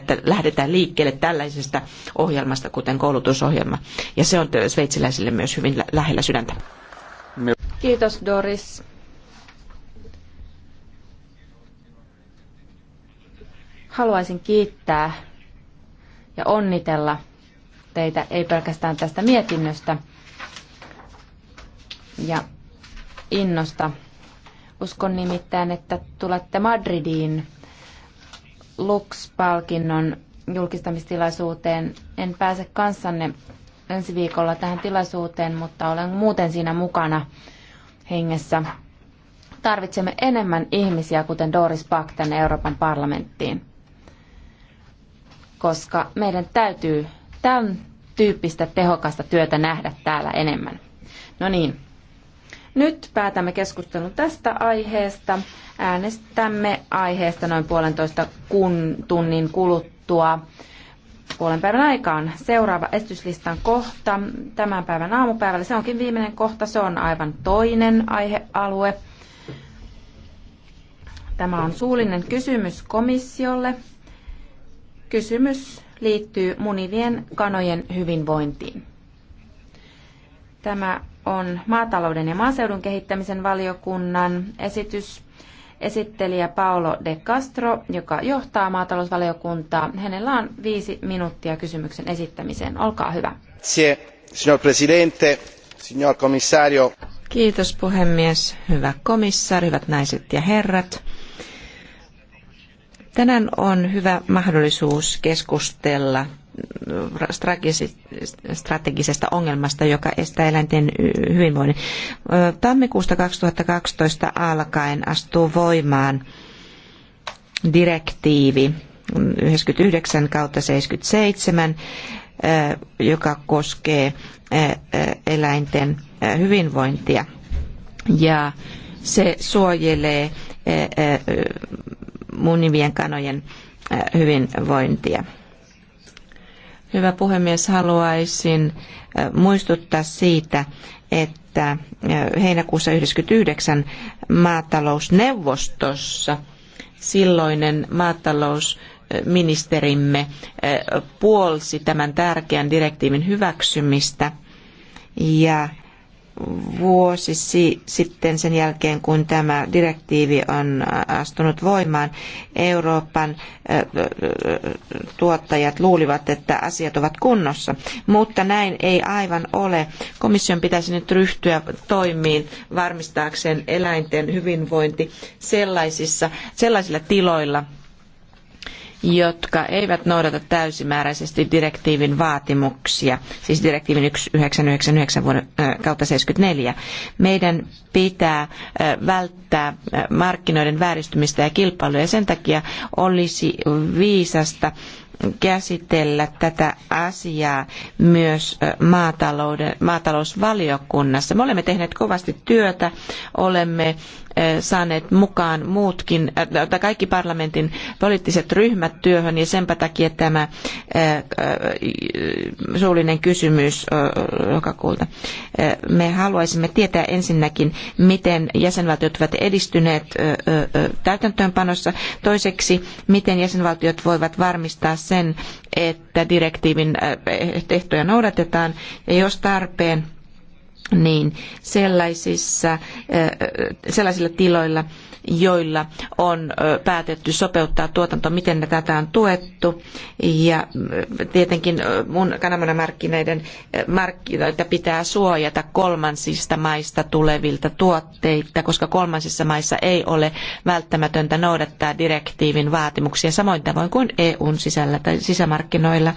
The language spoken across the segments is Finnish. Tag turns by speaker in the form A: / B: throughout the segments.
A: tärkeää, että lähdetään liikkeelle tällaisesta ohjelmasta, kuten koulutusohjelma. Ja se on sveitsiläisille myös hyvin lähellä sydäntä.
B: Kiitos Doris. Haluaisin kiittää ja onnitella teitä, ei pelkästään tästä mietinnöstä ja innosta. Uskon nimittäin, että tulette Madridiin Lux-palkinnon julkistamistilaisuuteen. En pääse kanssanne ensi viikolla tähän tilaisuuteen, mutta olen muuten siinä mukana hengessä. Tarvitsemme enemmän ihmisiä, kuten Doris Pack tänne Euroopan parlamenttiin, koska meidän täytyy tämän tyyppistä tehokasta työtä nähdä täällä enemmän. No niin, nyt päätämme keskustelun tästä aiheesta. Äänestämme aiheesta noin puolentoista kun, tunnin kuluttua puolen päivän aikaan. Seuraava esityslistan kohta tämän päivän aamupäivällä. Se onkin viimeinen kohta. Se on aivan toinen aihealue. Tämä on suullinen kysymys komissiolle. Kysymys liittyy munivien kanojen hyvinvointiin. Tämä on maatalouden ja maaseudun kehittämisen valiokunnan esitys. Esittelijä Paolo de Castro, joka johtaa maatalousvaliokuntaa. Hänellä on viisi minuuttia kysymyksen esittämiseen. Olkaa hyvä.
C: Signor Presidente, signor Commissario.
B: Kiitos puhemies, hyvä komissaari, hyvät
A: naiset ja herrat. Tänään on hyvä mahdollisuus keskustella strategisesta ongelmasta, joka estää eläinten hyvinvoinnin. Tammikuusta 2012 alkaen astuu voimaan direktiivi 99 kautta 77, joka koskee eläinten hyvinvointia. Ja se suojelee munivien kanojen hyvinvointia. Hyvä puhemies, haluaisin äh, muistuttaa siitä, että äh, heinäkuussa 1999 maatalousneuvostossa silloinen maatalousministerimme äh, puolsi tämän tärkeän direktiivin hyväksymistä ja vuosi sitten sen jälkeen, kun tämä direktiivi on astunut voimaan, Euroopan tuottajat luulivat, että asiat ovat kunnossa. Mutta näin ei aivan ole. Komission pitäisi nyt ryhtyä toimiin varmistaakseen eläinten hyvinvointi sellaisissa, sellaisilla tiloilla, jotka eivät noudata täysimääräisesti direktiivin vaatimuksia, siis direktiivin 1999 kautta 74. Meidän pitää välttää markkinoiden vääristymistä ja kilpailua ja sen takia olisi viisasta käsitellä tätä asiaa myös maatalouden, maatalousvaliokunnassa. Me olemme tehneet kovasti työtä, olemme saaneet mukaan muutkin, tai kaikki parlamentin poliittiset ryhmät työhön, ja senpä takia tämä suullinen kysymys lokakuulta. Me haluaisimme tietää ensinnäkin, miten jäsenvaltiot ovat edistyneet täytäntöönpanossa. Toiseksi, miten jäsenvaltiot voivat varmistaa sen, että direktiivin ehtoja noudatetaan, ja jos tarpeen, niin sellaisissa, sellaisilla tiloilla, joilla on päätetty sopeuttaa tuotanto, miten tätä on tuettu. Ja tietenkin mun kananmunamarkkinoiden markkinoita pitää suojata kolmansista maista tulevilta tuotteilta, koska kolmansissa maissa ei ole välttämätöntä noudattaa direktiivin vaatimuksia samoin tavoin kuin EUn sisällä tai sisämarkkinoilla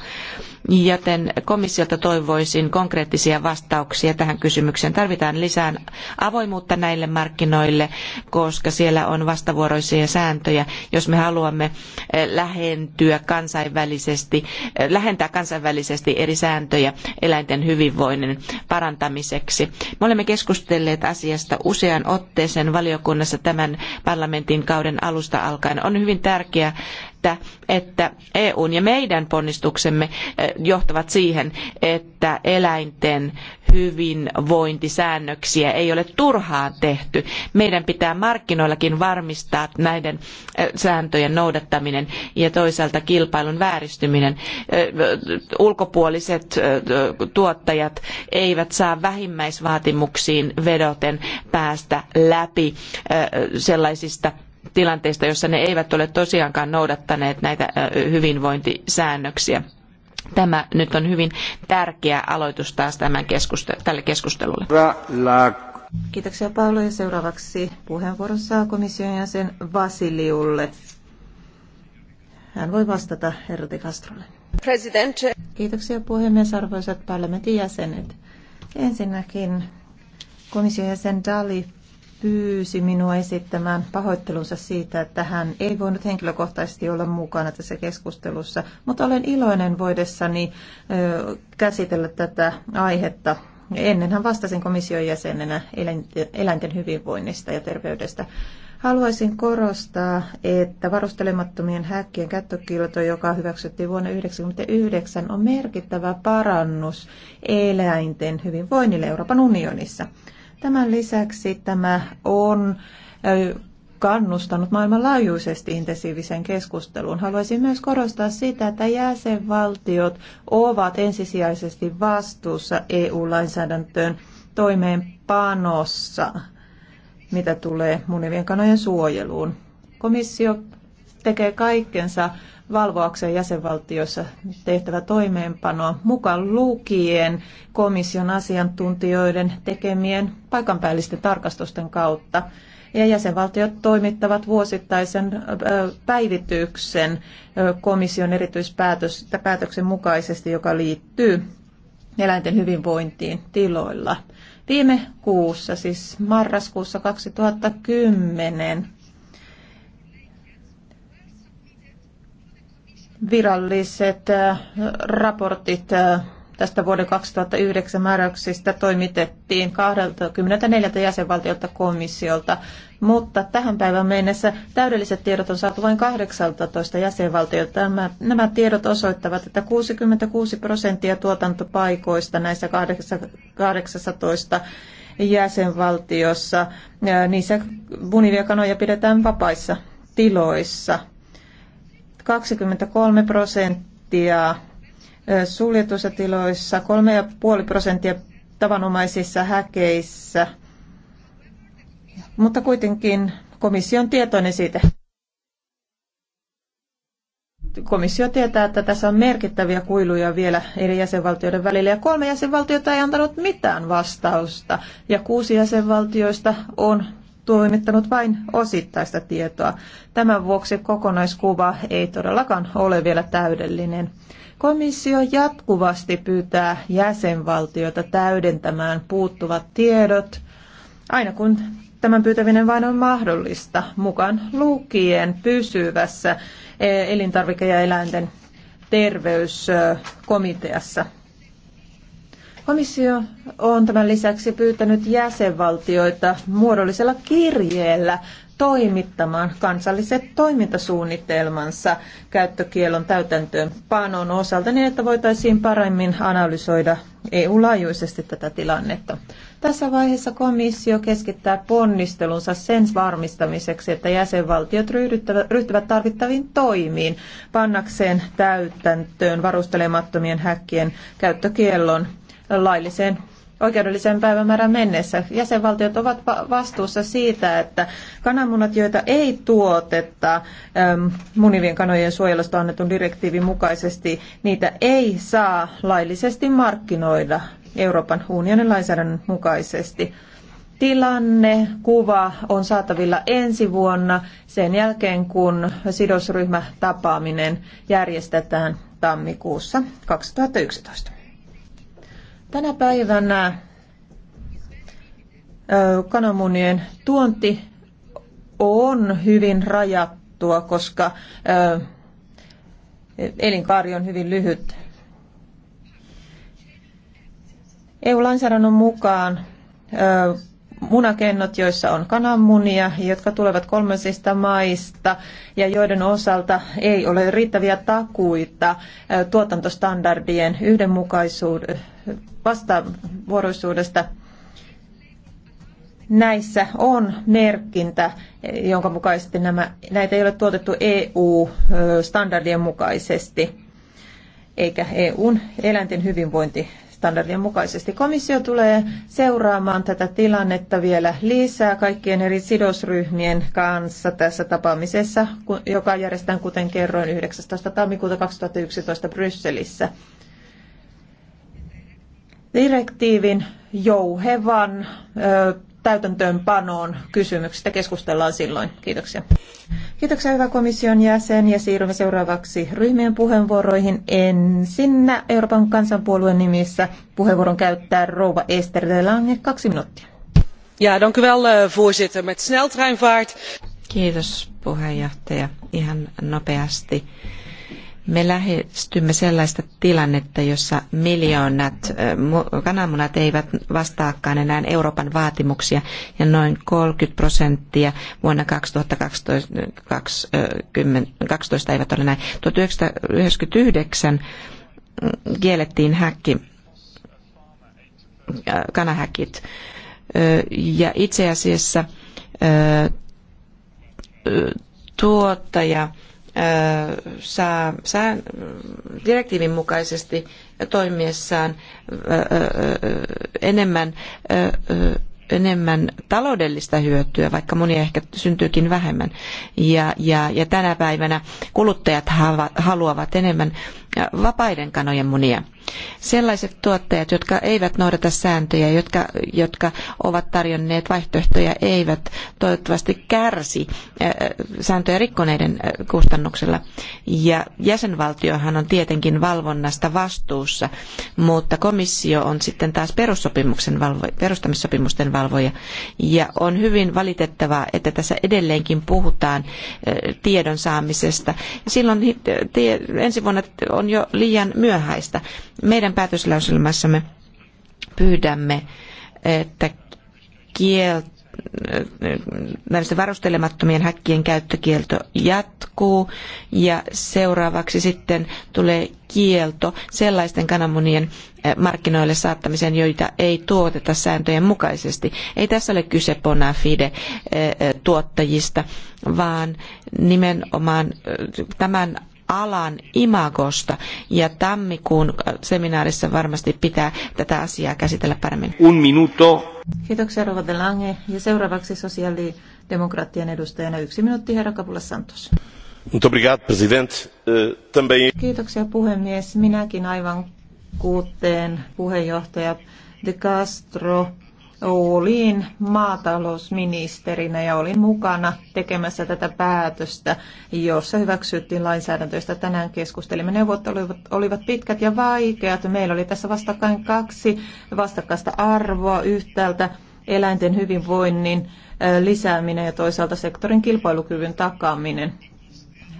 A: joten komissiolta toivoisin konkreettisia vastauksia tähän kysymykseen. Tarvitaan lisää avoimuutta näille markkinoille, koska siellä on vastavuoroisia sääntöjä. Jos me haluamme eh, lähentyä kansainvälisesti, eh, lähentää kansainvälisesti eri sääntöjä eläinten hyvinvoinnin parantamiseksi. Me olemme keskustelleet asiasta useaan otteeseen valiokunnassa tämän parlamentin kauden alusta alkaen. On hyvin tärkeää, että, että EUn ja meidän ponnistuksemme eh, johtavat siihen, että eläinten hyvinvointisäännöksiä ei ole turhaan tehty. Meidän pitää markkinoillakin varmistaa näiden eh, sääntöjen noudattaminen ja toisaalta kilpailun vääristyminen. Eh, ulkopuoliset tuottajat eivät saa vähimmäisvaatimuksiin vedoten päästä läpi sellaisista tilanteista, joissa ne eivät ole tosiaankaan noudattaneet näitä hyvinvointisäännöksiä. Tämä nyt on hyvin tärkeä aloitus taas tämän tälle keskustelulle.
D: Kiitoksia Paolo ja seuraavaksi puheenvuoron saa komission jäsen Vasiliulle. Hän voi vastata herra de Castrolle. President. Kiitoksia puhemies, arvoisat parlamentin jäsenet. Ensinnäkin komission jäsen Dali pyysi minua esittämään pahoittelunsa siitä, että hän ei voinut henkilökohtaisesti olla mukana tässä keskustelussa, mutta olen iloinen voidessani käsitellä tätä aihetta. hän vastasin komission jäsenenä eläinten hyvinvoinnista ja terveydestä. Haluaisin korostaa, että varustelemattomien häkkien kättökilto, joka hyväksyttiin vuonna 1999, on merkittävä parannus eläinten hyvinvoinnille Euroopan unionissa. Tämän lisäksi tämä on kannustanut maailmanlaajuisesti intensiiviseen keskusteluun. Haluaisin myös korostaa sitä, että jäsenvaltiot ovat ensisijaisesti vastuussa EU-lainsäädäntöön toimeenpanossa, mitä tulee munivien kanojen suojeluun. Komissio tekee kaikkensa valvoakseen jäsenvaltioissa tehtävä toimeenpano mukaan lukien komission asiantuntijoiden tekemien paikanpäällisten tarkastusten kautta. Ja jäsenvaltiot toimittavat vuosittaisen päivityksen komission erityispäätöksen mukaisesti, joka liittyy eläinten hyvinvointiin tiloilla. Viime kuussa, siis marraskuussa 2010, viralliset äh, raportit äh, tästä vuoden 2009 määräyksistä toimitettiin 24 jäsenvaltiolta komissiolta, mutta tähän päivään mennessä täydelliset tiedot on saatu vain 18 jäsenvaltiolta. Nämä, nämä tiedot osoittavat, että 66 prosenttia tuotantopaikoista näissä 18 jäsenvaltiossa, niissä munivia kanoja pidetään vapaissa tiloissa – 23 prosenttia suljetuissa tiloissa, 3,5 prosenttia tavanomaisissa häkeissä, mutta kuitenkin komission tietoinen siitä. Komissio tietää, että tässä on merkittäviä kuiluja vielä eri jäsenvaltioiden välillä ja kolme jäsenvaltiota ei antanut mitään vastausta ja kuusi jäsenvaltioista on toimittanut vain osittaista tietoa. Tämän vuoksi kokonaiskuva ei todellakaan ole vielä täydellinen. Komissio jatkuvasti pyytää jäsenvaltioita täydentämään puuttuvat tiedot, aina kun tämän pyytäminen vain on mahdollista, mukaan lukien pysyvässä eh, elintarvike- ja eläinten terveyskomiteassa Komissio on tämän lisäksi pyytänyt jäsenvaltioita muodollisella kirjeellä toimittamaan kansalliset toimintasuunnitelmansa käyttökielon täytäntöönpanon osalta niin, että voitaisiin paremmin analysoida EU-laajuisesti tätä tilannetta. Tässä vaiheessa komissio keskittää ponnistelunsa sen varmistamiseksi, että jäsenvaltiot ryhtyvät tarvittaviin toimiin pannakseen täytäntöön varustelemattomien häkkien käyttökiellon lailliseen oikeudelliseen päivämäärään mennessä. Jäsenvaltiot ovat vastuussa siitä, että kananmunat, joita ei tuoteta munivien kanojen suojelusta annetun direktiivin mukaisesti, niitä ei saa laillisesti markkinoida Euroopan unionin lainsäädännön mukaisesti. Tilanne, kuva on saatavilla ensi vuonna sen jälkeen, kun sidosryhmätapaaminen järjestetään tammikuussa 2011. Tänä päivänä kananmunien tuonti on hyvin rajattua, koska elinkaari on hyvin lyhyt. EU-lainsäädännön mukaan munakennot, joissa on kananmunia, jotka tulevat kolmansista maista ja joiden osalta ei ole riittäviä takuita tuotantostandardien yhdenmukaisuudesta vastavuoroisuudesta näissä on merkintä, jonka mukaisesti nämä, näitä ei ole tuotettu EU-standardien mukaisesti, eikä EUn eläinten hyvinvointi standardien mukaisesti. Komissio tulee seuraamaan tätä tilannetta vielä lisää kaikkien eri sidosryhmien kanssa tässä tapaamisessa, joka järjestetään, kuten kerroin, 19. tammikuuta 2011 Brysselissä. Direktiivin jouhevan täytäntöönpanoon kysymyksistä keskustellaan silloin. Kiitoksia. Kiitoksia hyvä komission jäsen ja siirrymme seuraavaksi ryhmien puheenvuoroihin. Ensin Euroopan kansanpuolueen nimissä puheenvuoron käyttää rouva Ester de Lange, kaksi minuuttia.
E: Ja, dank u wel, eh, voorzitter. Met sneltreinvaart.
A: Kiitos puheenjohtaja. Ihan nopeasti me lähestymme sellaista tilannetta, jossa miljoonat kananmunat eivät vastaakaan enää Euroopan vaatimuksia ja noin 30 prosenttia vuonna 2012, 2012 eivät ole näin. 1999 mm, kiellettiin häkki, kanahäkit ja itse asiassa tuottaja saa sää direktiivin mukaisesti toimiessaan enemmän, enemmän taloudellista hyötyä, vaikka monia ehkä syntyykin vähemmän. Ja, ja, ja tänä päivänä kuluttajat haluavat enemmän vapaiden kanojen munia Sellaiset tuottajat, jotka eivät noudata sääntöjä, jotka, jotka ovat tarjonneet vaihtoehtoja, eivät toivottavasti kärsi sääntöjä rikkoneiden kustannuksella. Ja jäsenvaltiohan on tietenkin valvonnasta vastuussa, mutta komissio on sitten taas perussopimuksen perustamissopimusten valvoja. Ja on hyvin valitettavaa, että tässä edelleenkin puhutaan tiedon saamisesta. Silloin ensi vuonna on jo liian myöhäistä meidän päätöslauselmassamme pyydämme, että kieltä näistä varustelemattomien häkkien käyttökielto jatkuu ja seuraavaksi sitten tulee kielto sellaisten kananmunien eh, markkinoille saattamiseen, joita ei tuoteta sääntöjen mukaisesti. Ei tässä ole kyse bona fide eh, eh, tuottajista, vaan nimenomaan tämän alan imagosta ja tammikuun äh, seminaarissa varmasti pitää tätä asiaa käsitellä paremmin. Un
C: minuto.
D: Kiitoksia Rova Lange. Ja seuraavaksi sosiaalidemokraattien edustajana yksi minuutti herra Kapula Santos. Eh, Kiitoksia puhemies. Minäkin aivan kuutteen puheenjohtaja De Castro olin maatalousministerinä ja olin mukana tekemässä tätä päätöstä, jossa hyväksyttiin lainsäädäntöistä tänään keskustelimme. Neuvottelut olivat pitkät ja vaikeat. Meillä oli tässä vastakkain kaksi vastakkaista arvoa yhtäältä eläinten hyvinvoinnin lisääminen ja toisaalta sektorin kilpailukyvyn takaaminen.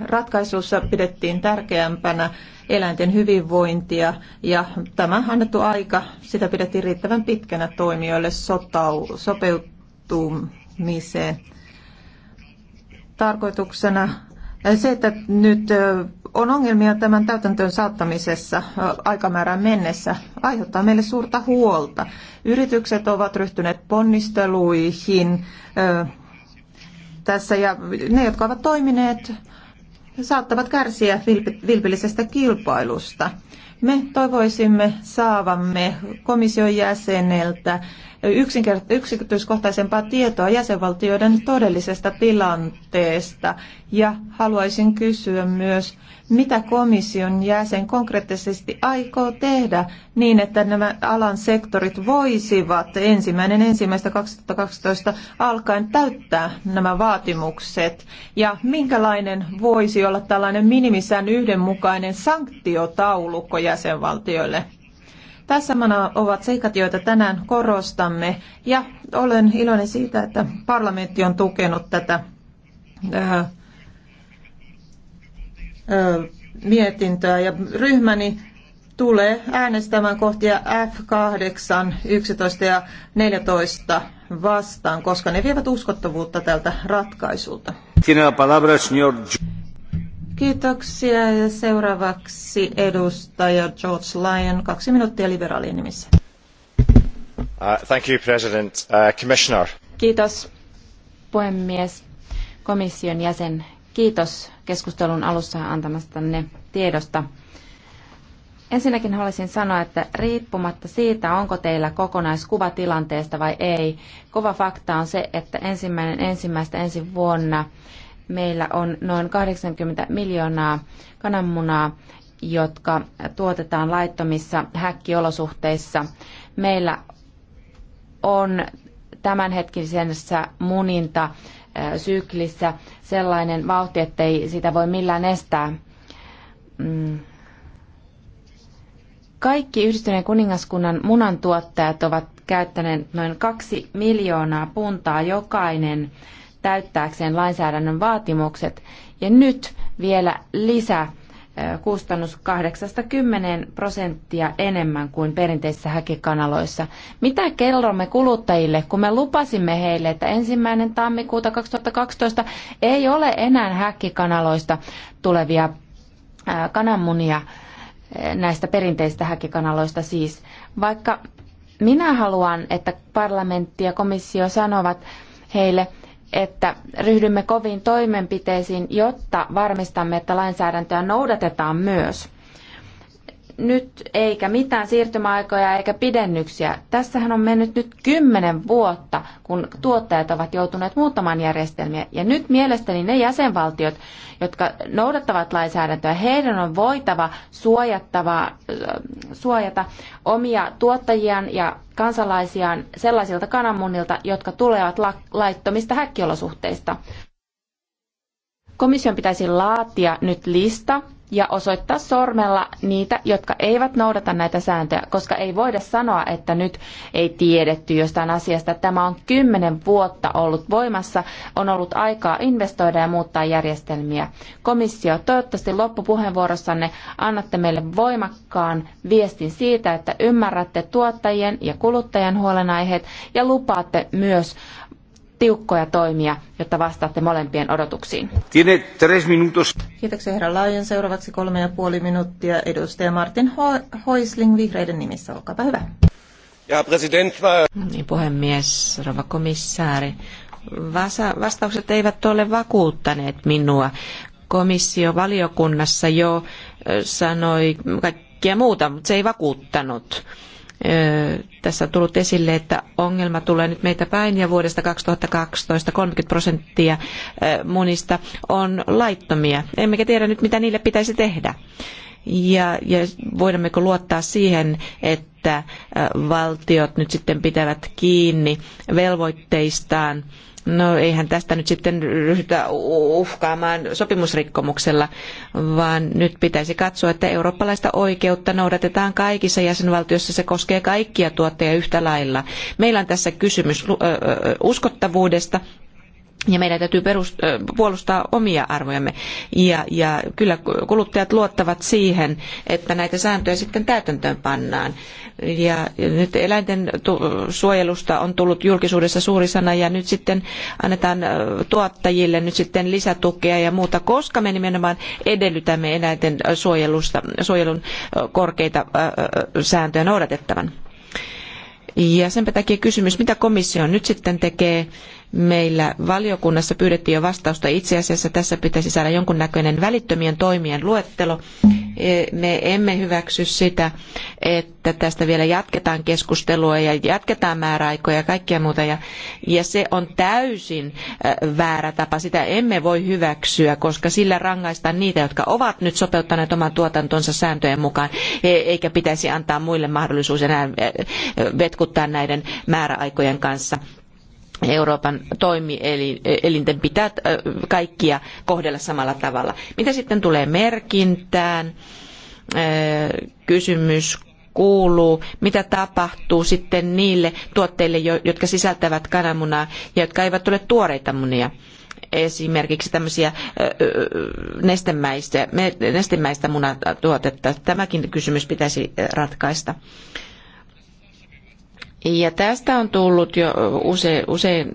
D: Ratkaisussa pidettiin tärkeämpänä eläinten hyvinvointia ja tämä annettu aika, sitä pidettiin riittävän pitkänä toimijoille sotau, sopeutumiseen. Tarkoituksena äh, se, että nyt äh, on ongelmia tämän täytäntöön saattamisessa äh, aikamäärän mennessä, aiheuttaa meille suurta huolta. Yritykset ovat ryhtyneet ponnisteluihin tässä ja ne, jotka ovat toimineet saattavat kärsiä vilpillisestä kilpailusta. Me toivoisimme saavamme komission jäseneltä yksityiskohtaisempaa tietoa jäsenvaltioiden todellisesta tilanteesta. Ja haluaisin kysyä myös, mitä komission jäsen konkreettisesti aikoo tehdä niin, että nämä alan sektorit voisivat ensimmäinen ensimmäistä 2012 alkaen täyttää nämä vaatimukset ja minkälainen voisi olla tällainen minimissään yhdenmukainen sanktiotaulukko jäsenvaltioille? Tässä mana ovat seikat, joita tänään korostamme, ja olen iloinen siitä, että parlamentti on tukenut tätä äh, mietintöä ja ryhmäni tulee äänestämään kohtia F8, 11 ja 14 vastaan, koska ne vievät uskottavuutta tältä ratkaisulta. Kiitoksia. Ja seuraavaksi edustaja George Lyon, kaksi minuuttia liberaalien nimissä.
C: Uh, thank you, President. Uh, Commissioner.
B: Kiitos, puhemies, komission jäsen. Kiitos keskustelun alussa antamastanne tiedosta. Ensinnäkin haluaisin sanoa, että riippumatta siitä, onko teillä kokonaiskuva tilanteesta vai ei, kova fakta on se, että ensimmäinen ensimmäistä ensi vuonna meillä on noin 80 miljoonaa kananmunaa, jotka tuotetaan laittomissa häkkiolosuhteissa. Meillä on tämänhetkisessä muninta syklissä sellainen vauhti, ettei sitä voi millään estää. Mm. Kaikki yhdistyneen kuningaskunnan munantuottajat ovat käyttäneet noin kaksi miljoonaa puntaa jokainen täyttääkseen lainsäädännön vaatimukset. Ja nyt vielä lisä kustannus 80 prosenttia enemmän kuin perinteisissä häkikanaloissa. Mitä kerromme kuluttajille, kun me lupasimme heille, että ensimmäinen tammikuuta 2012 ei ole enää häkkikanaloista tulevia kananmunia näistä perinteistä häkikanaloista siis. Vaikka minä haluan, että parlamentti ja komissio sanovat heille, että ryhdymme koviin toimenpiteisiin, jotta varmistamme, että lainsäädäntöä noudatetaan myös nyt eikä mitään siirtymäaikoja eikä pidennyksiä. Tässähän on mennyt nyt kymmenen vuotta, kun tuottajat ovat joutuneet muuttamaan järjestelmiä. Ja nyt mielestäni ne jäsenvaltiot, jotka noudattavat lainsäädäntöä, heidän on voitava suojattava, äh, suojata omia tuottajiaan ja kansalaisiaan sellaisilta kananmunnilta, jotka tulevat laittomista häkkiolosuhteista. Komission pitäisi laatia nyt lista ja osoittaa sormella niitä, jotka eivät noudata näitä sääntöjä, koska ei voida sanoa, että nyt ei tiedetty jostain asiasta. Tämä on kymmenen vuotta ollut voimassa, on ollut aikaa investoida ja muuttaa järjestelmiä. Komissio, toivottavasti loppupuheenvuorossanne annatte meille voimakkaan viestin siitä, että ymmärrätte tuottajien ja kuluttajien huolenaiheet ja lupaatte myös tiukkoja toimia, jotta vastaatte molempien odotuksiin.
C: Tiene tres minutos.
B: Kiitoksia herra Laajan. Seuraavaksi kolme ja puoli minuuttia
D: edustaja Martin Ho- Hoisling vihreiden nimissä. Olkaapa hyvä.
C: Ja president...
A: No niin, puhemies, rouva komissaari. Vasa- vastaukset eivät ole vakuuttaneet minua. Komissio valiokunnassa jo sanoi kaikkea muuta, mutta se ei vakuuttanut tässä on tullut esille, että ongelma tulee nyt meitä päin ja vuodesta 2012 30 prosenttia munista on laittomia. Emmekä tiedä nyt, mitä niille pitäisi tehdä ja, ja voimmeko luottaa siihen, että äh, valtiot nyt sitten pitävät kiinni velvoitteistaan. No eihän tästä nyt sitten ryhdytä uhkaamaan sopimusrikkomuksella, vaan nyt pitäisi katsoa, että eurooppalaista oikeutta noudatetaan kaikissa jäsenvaltioissa. Se koskee kaikkia tuottajia yhtä lailla. Meillä on tässä kysymys uskottavuudesta ja meidän täytyy perust- puolustaa omia arvojamme. Ja, ja kyllä kuluttajat luottavat siihen, että näitä sääntöjä sitten täytäntöön pannaan. Ja nyt eläinten suojelusta on tullut julkisuudessa suuri sana ja nyt sitten annetaan tuottajille nyt sitten lisätukea ja muuta, koska me nimenomaan edellytämme eläinten suojelusta, suojelun korkeita sääntöjä noudatettavan. Ja sen takia kysymys, mitä komissio nyt sitten tekee Meillä valiokunnassa pyydettiin jo vastausta. Itse asiassa tässä pitäisi saada jonkunnäköinen välittömien toimien luettelo. E, me emme hyväksy sitä, että tästä vielä jatketaan keskustelua ja jatketaan määräaikoja ja kaikkea muuta. Ja, ja se on täysin väärä tapa. Sitä emme voi hyväksyä, koska sillä rangaistaan niitä, jotka ovat nyt sopeuttaneet oman tuotantonsa sääntöjen mukaan, e, eikä pitäisi antaa muille mahdollisuus enää vetkuttaa näiden määräaikojen kanssa. Euroopan toimielinten pitää kaikkia kohdella samalla tavalla. Mitä sitten tulee merkintään? Kysymys kuuluu, mitä tapahtuu sitten niille tuotteille, jotka sisältävät kananmunaa ja jotka eivät ole tuoreita munia esimerkiksi tämmöisiä nestemäistä, nestemäistä munatuotetta. Tämäkin kysymys pitäisi ratkaista. Ja tästä on tullut jo usein, usein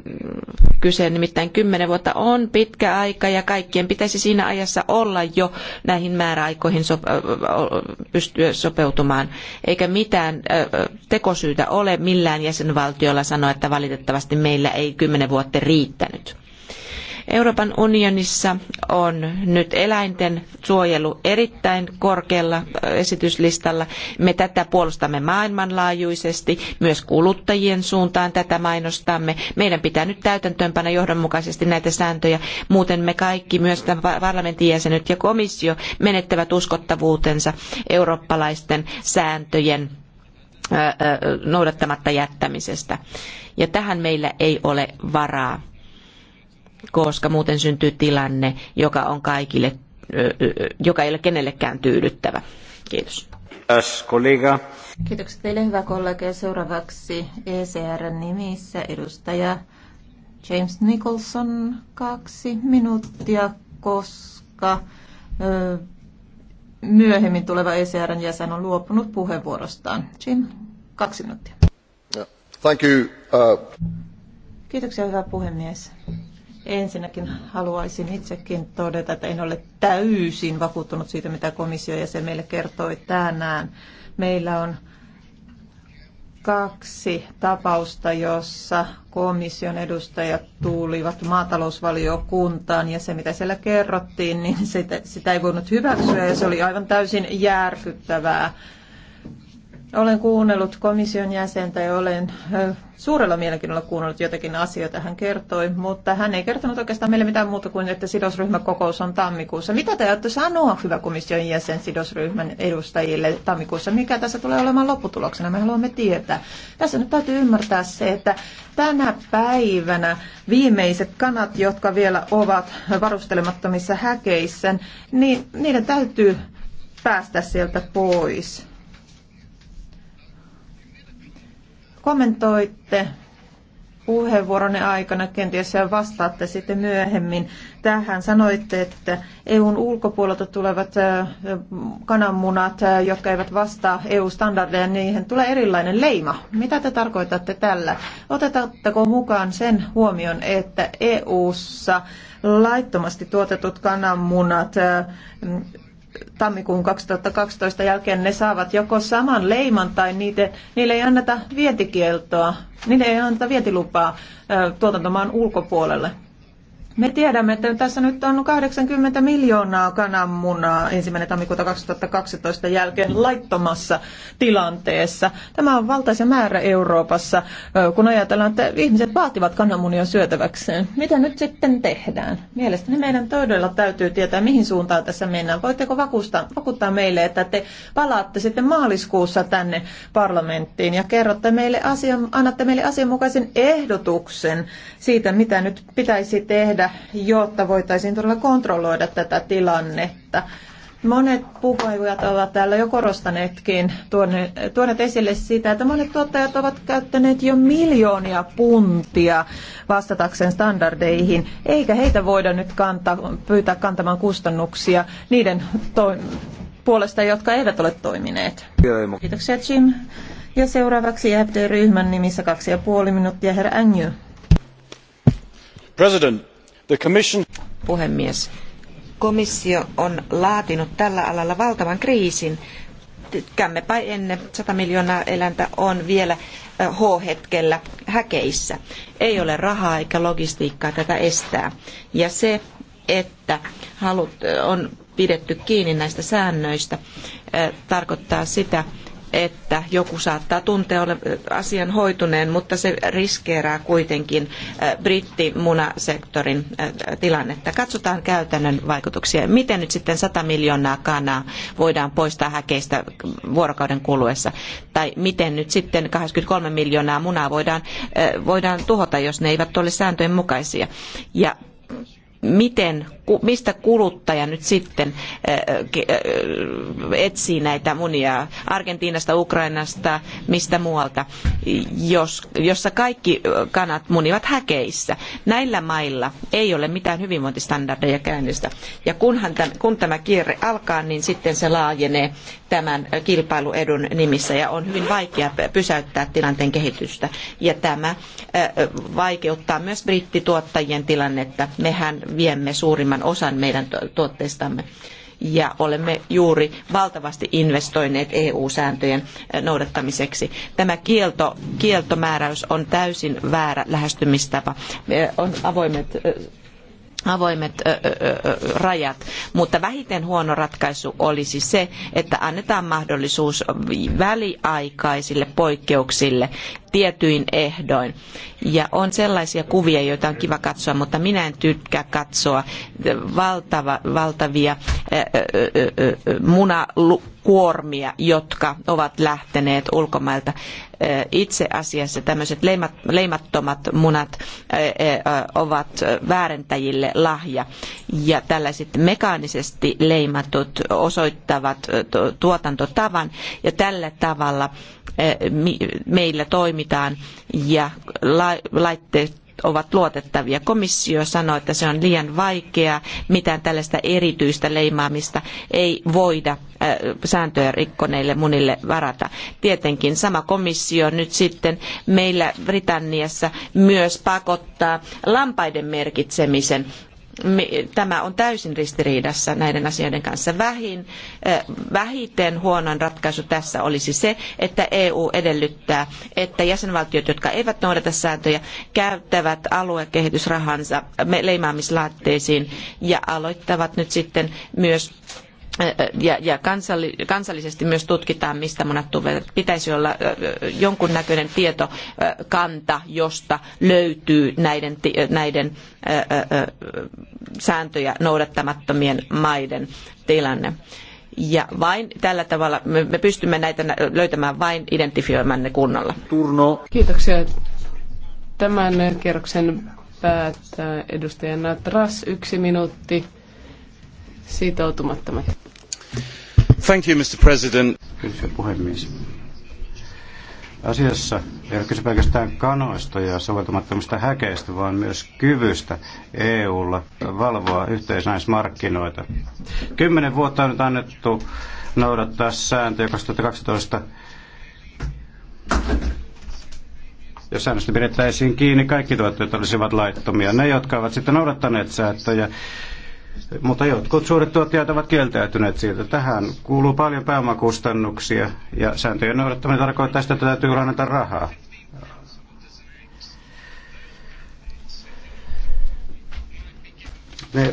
A: kyse, nimittäin kymmenen vuotta on pitkä aika ja kaikkien pitäisi siinä ajassa olla jo näihin määräaikoihin so, pystyä sopeutumaan, eikä mitään tekosyytä ole millään jäsenvaltiolla sanoa, että valitettavasti meillä ei kymmenen vuotta riittänyt. Euroopan unionissa on nyt eläinten suojelu erittäin korkealla äh, esityslistalla. Me tätä puolustamme maailmanlaajuisesti, myös kuluttajien suuntaan tätä mainostamme. Meidän pitää nyt täytäntöönpana johdonmukaisesti näitä sääntöjä, muuten me kaikki, myös tämän parlamentin jäsenet ja komissio, menettävät uskottavuutensa eurooppalaisten sääntöjen äh, äh, noudattamatta jättämisestä. Ja tähän meillä ei ole varaa koska muuten syntyy tilanne, joka on kaikille, joka ei ole kenellekään tyydyttävä.
C: Kiitos. Kollega.
D: Kiitokset teille, hyvä kollega. Seuraavaksi ECRn nimissä edustaja James Nicholson kaksi minuuttia, koska ö, myöhemmin tuleva ECRn jäsen on luopunut puheenvuorostaan. Jim, kaksi minuuttia.
B: Thank
A: you. Uh...
D: Kiitoksia, hyvä puhemies. Ensinnäkin haluaisin itsekin todeta, että en ole täysin vakuuttunut siitä, mitä komissio ja se meille kertoi tänään. Meillä on kaksi tapausta, jossa komission edustajat tulivat maatalousvaliokuntaan ja se mitä siellä kerrottiin, niin sitä, sitä ei voinut hyväksyä ja se oli aivan täysin järkyttävää olen kuunnellut komission jäsentä ja olen suurella mielenkiinnolla kuunnellut jotakin asioita hän kertoi, mutta hän ei kertonut oikeastaan meille mitään muuta kuin, että sidosryhmäkokous on tammikuussa. Mitä te ajatte sanoa, hyvä komission jäsen, sidosryhmän edustajille tammikuussa? Mikä tässä tulee olemaan lopputuloksena? Me haluamme tietää. Tässä nyt täytyy ymmärtää se, että tänä päivänä viimeiset kanat, jotka vielä ovat varustelemattomissa häkeissä, niin niiden täytyy päästä sieltä pois kommentoitte puheenvuoronne aikana, kenties vastaatte sitten myöhemmin tähän. Sanoitte, että EUn ulkopuolelta tulevat kananmunat, jotka eivät vastaa EU-standardeja, niihin tulee erilainen leima. Mitä te tarkoitatte tällä? Otetaanko mukaan sen huomion, että EU:ssa laittomasti tuotetut kananmunat tammikuun 2012 jälkeen ne saavat joko saman leiman tai niille ei anneta vientikieltoa, niille ei anneta vientilupaa tuotantomaan ulkopuolelle. Me tiedämme, että tässä nyt on 80 miljoonaa kananmunaa ensimmäinen tammikuuta 2012 jälkeen laittomassa tilanteessa. Tämä on valtaisa määrä Euroopassa, kun ajatellaan, että ihmiset vaativat kananmunia syötäväkseen. Mitä nyt sitten tehdään? Mielestäni meidän todella täytyy tietää, mihin suuntaan tässä mennään. Voitteko vakuuttaa, vakuuttaa meille, että te palaatte sitten maaliskuussa tänne parlamenttiin ja kerrotte meille asian, annatte meille asianmukaisen ehdotuksen siitä, mitä nyt pitäisi tehdä tehdä, jotta voitaisiin todella kontrolloida tätä tilannetta. Monet puhujat ovat täällä jo korostaneetkin tuonne, tuoneet esille sitä, että monet tuottajat ovat käyttäneet jo miljoonia puntia vastatakseen standardeihin, eikä heitä voida nyt kanta, pyytää kantamaan kustannuksia niiden to- puolesta, jotka eivät ole toimineet. Kiitoksia Jim. Ja seuraavaksi FD-ryhmän nimissä kaksi ja puoli minuuttia herra Angyu.
C: President,
A: Puhemies, komissio on laatinut tällä alalla valtavan kriisin. Tykkäämmepä ennen 100 miljoonaa eläintä on vielä eh, H-hetkellä häkeissä. Ei ole rahaa eikä logistiikkaa tätä estää. Ja se, että halut, eh, on pidetty kiinni näistä säännöistä, eh, tarkoittaa sitä, että joku saattaa tuntea ole asian hoituneen, mutta se riskeeraa kuitenkin äh, brittimunasektorin äh, tilannetta. Katsotaan käytännön vaikutuksia. Miten nyt sitten 100 miljoonaa kanaa voidaan poistaa häkeistä vuorokauden kuluessa? Tai miten nyt sitten 23 miljoonaa munaa voidaan, äh, voidaan tuhota, jos ne eivät ole sääntöjen mukaisia? Ja miten, mistä kuluttaja nyt sitten etsii näitä munia Argentiinasta, Ukrainasta, mistä muualta, jos, jossa kaikki kanat munivat häkeissä. Näillä mailla ei ole mitään hyvinvointistandardeja käynnistä. Ja kunhan tämän, kun tämä kierre alkaa, niin sitten se laajenee tämän kilpailuedun nimissä ja on hyvin vaikea pysäyttää tilanteen kehitystä. Ja tämä vaikeuttaa myös brittituottajien tilannetta. Mehän viemme suurimman osan meidän tuotteistamme ja olemme juuri valtavasti investoineet EU-sääntöjen noudattamiseksi. Tämä kielto, kieltomääräys on täysin väärä lähestymistapa. On avoimet avoimet rajat, mutta vähiten huono ratkaisu olisi se, että annetaan mahdollisuus väliaikaisille poikkeuksille tietyin ehdoin. Ja on sellaisia kuvia, joita on kiva katsoa, mutta minä en tykkää katsoa valtava, valtavia munakuormia, jotka ovat lähteneet ulkomailta. Itse asiassa tämmöiset leimattomat munat ovat väärentäjille lahja. Ja tällaiset mekaanisesti leimatut osoittavat tuotantotavan ja tällä tavalla meillä toimitaan toimitaan ja laitteet ovat luotettavia. Komissio sanoi, että se on liian vaikeaa, mitään tällaista erityistä leimaamista ei voida äh, sääntöjä rikkoneille munille varata. Tietenkin sama komissio nyt sitten meillä Britanniassa myös pakottaa lampaiden merkitsemisen tämä on täysin ristiriidassa näiden asioiden kanssa. Vähin, vähiten huonoin ratkaisu tässä olisi se, että EU edellyttää, että jäsenvaltiot, jotka eivät noudata sääntöjä, käyttävät aluekehitysrahansa leimaamislaatteisiin ja aloittavat nyt sitten myös ja, ja kansalli, kansallisesti myös tutkitaan, mistä munat tulevat. Pitäisi olla jonkunnäköinen tietokanta, josta löytyy näiden, näiden sääntöjä noudattamattomien maiden tilanne. Ja vain tällä tavalla me pystymme näitä löytämään vain identifioimaan ne kunnolla. Turno. Kiitoksia.
E: Tämän kierroksen päättää edustajana Tras yksi minuutti sitoutumattomat.
C: Mr. President. puhemies. Asiassa ei ole kyse pelkästään kanoista ja soveltumattomista häkeistä, vaan myös kyvystä EUlla valvoa yhteisnäismarkkinoita. Kymmenen vuotta on nyt annettu noudattaa sääntöjä 2012 jos säännöstä pidettäisiin kiinni, kaikki tuotteet olisivat laittomia. Ne, jotka ovat sitten noudattaneet sääntöjä, mutta jotkut suuret tuottajat ovat kieltäytyneet siitä. Tähän kuuluu paljon pääomakustannuksia ja sääntöjen noudattaminen tarkoittaa sitä, että täytyy lainata rahaa. Ne,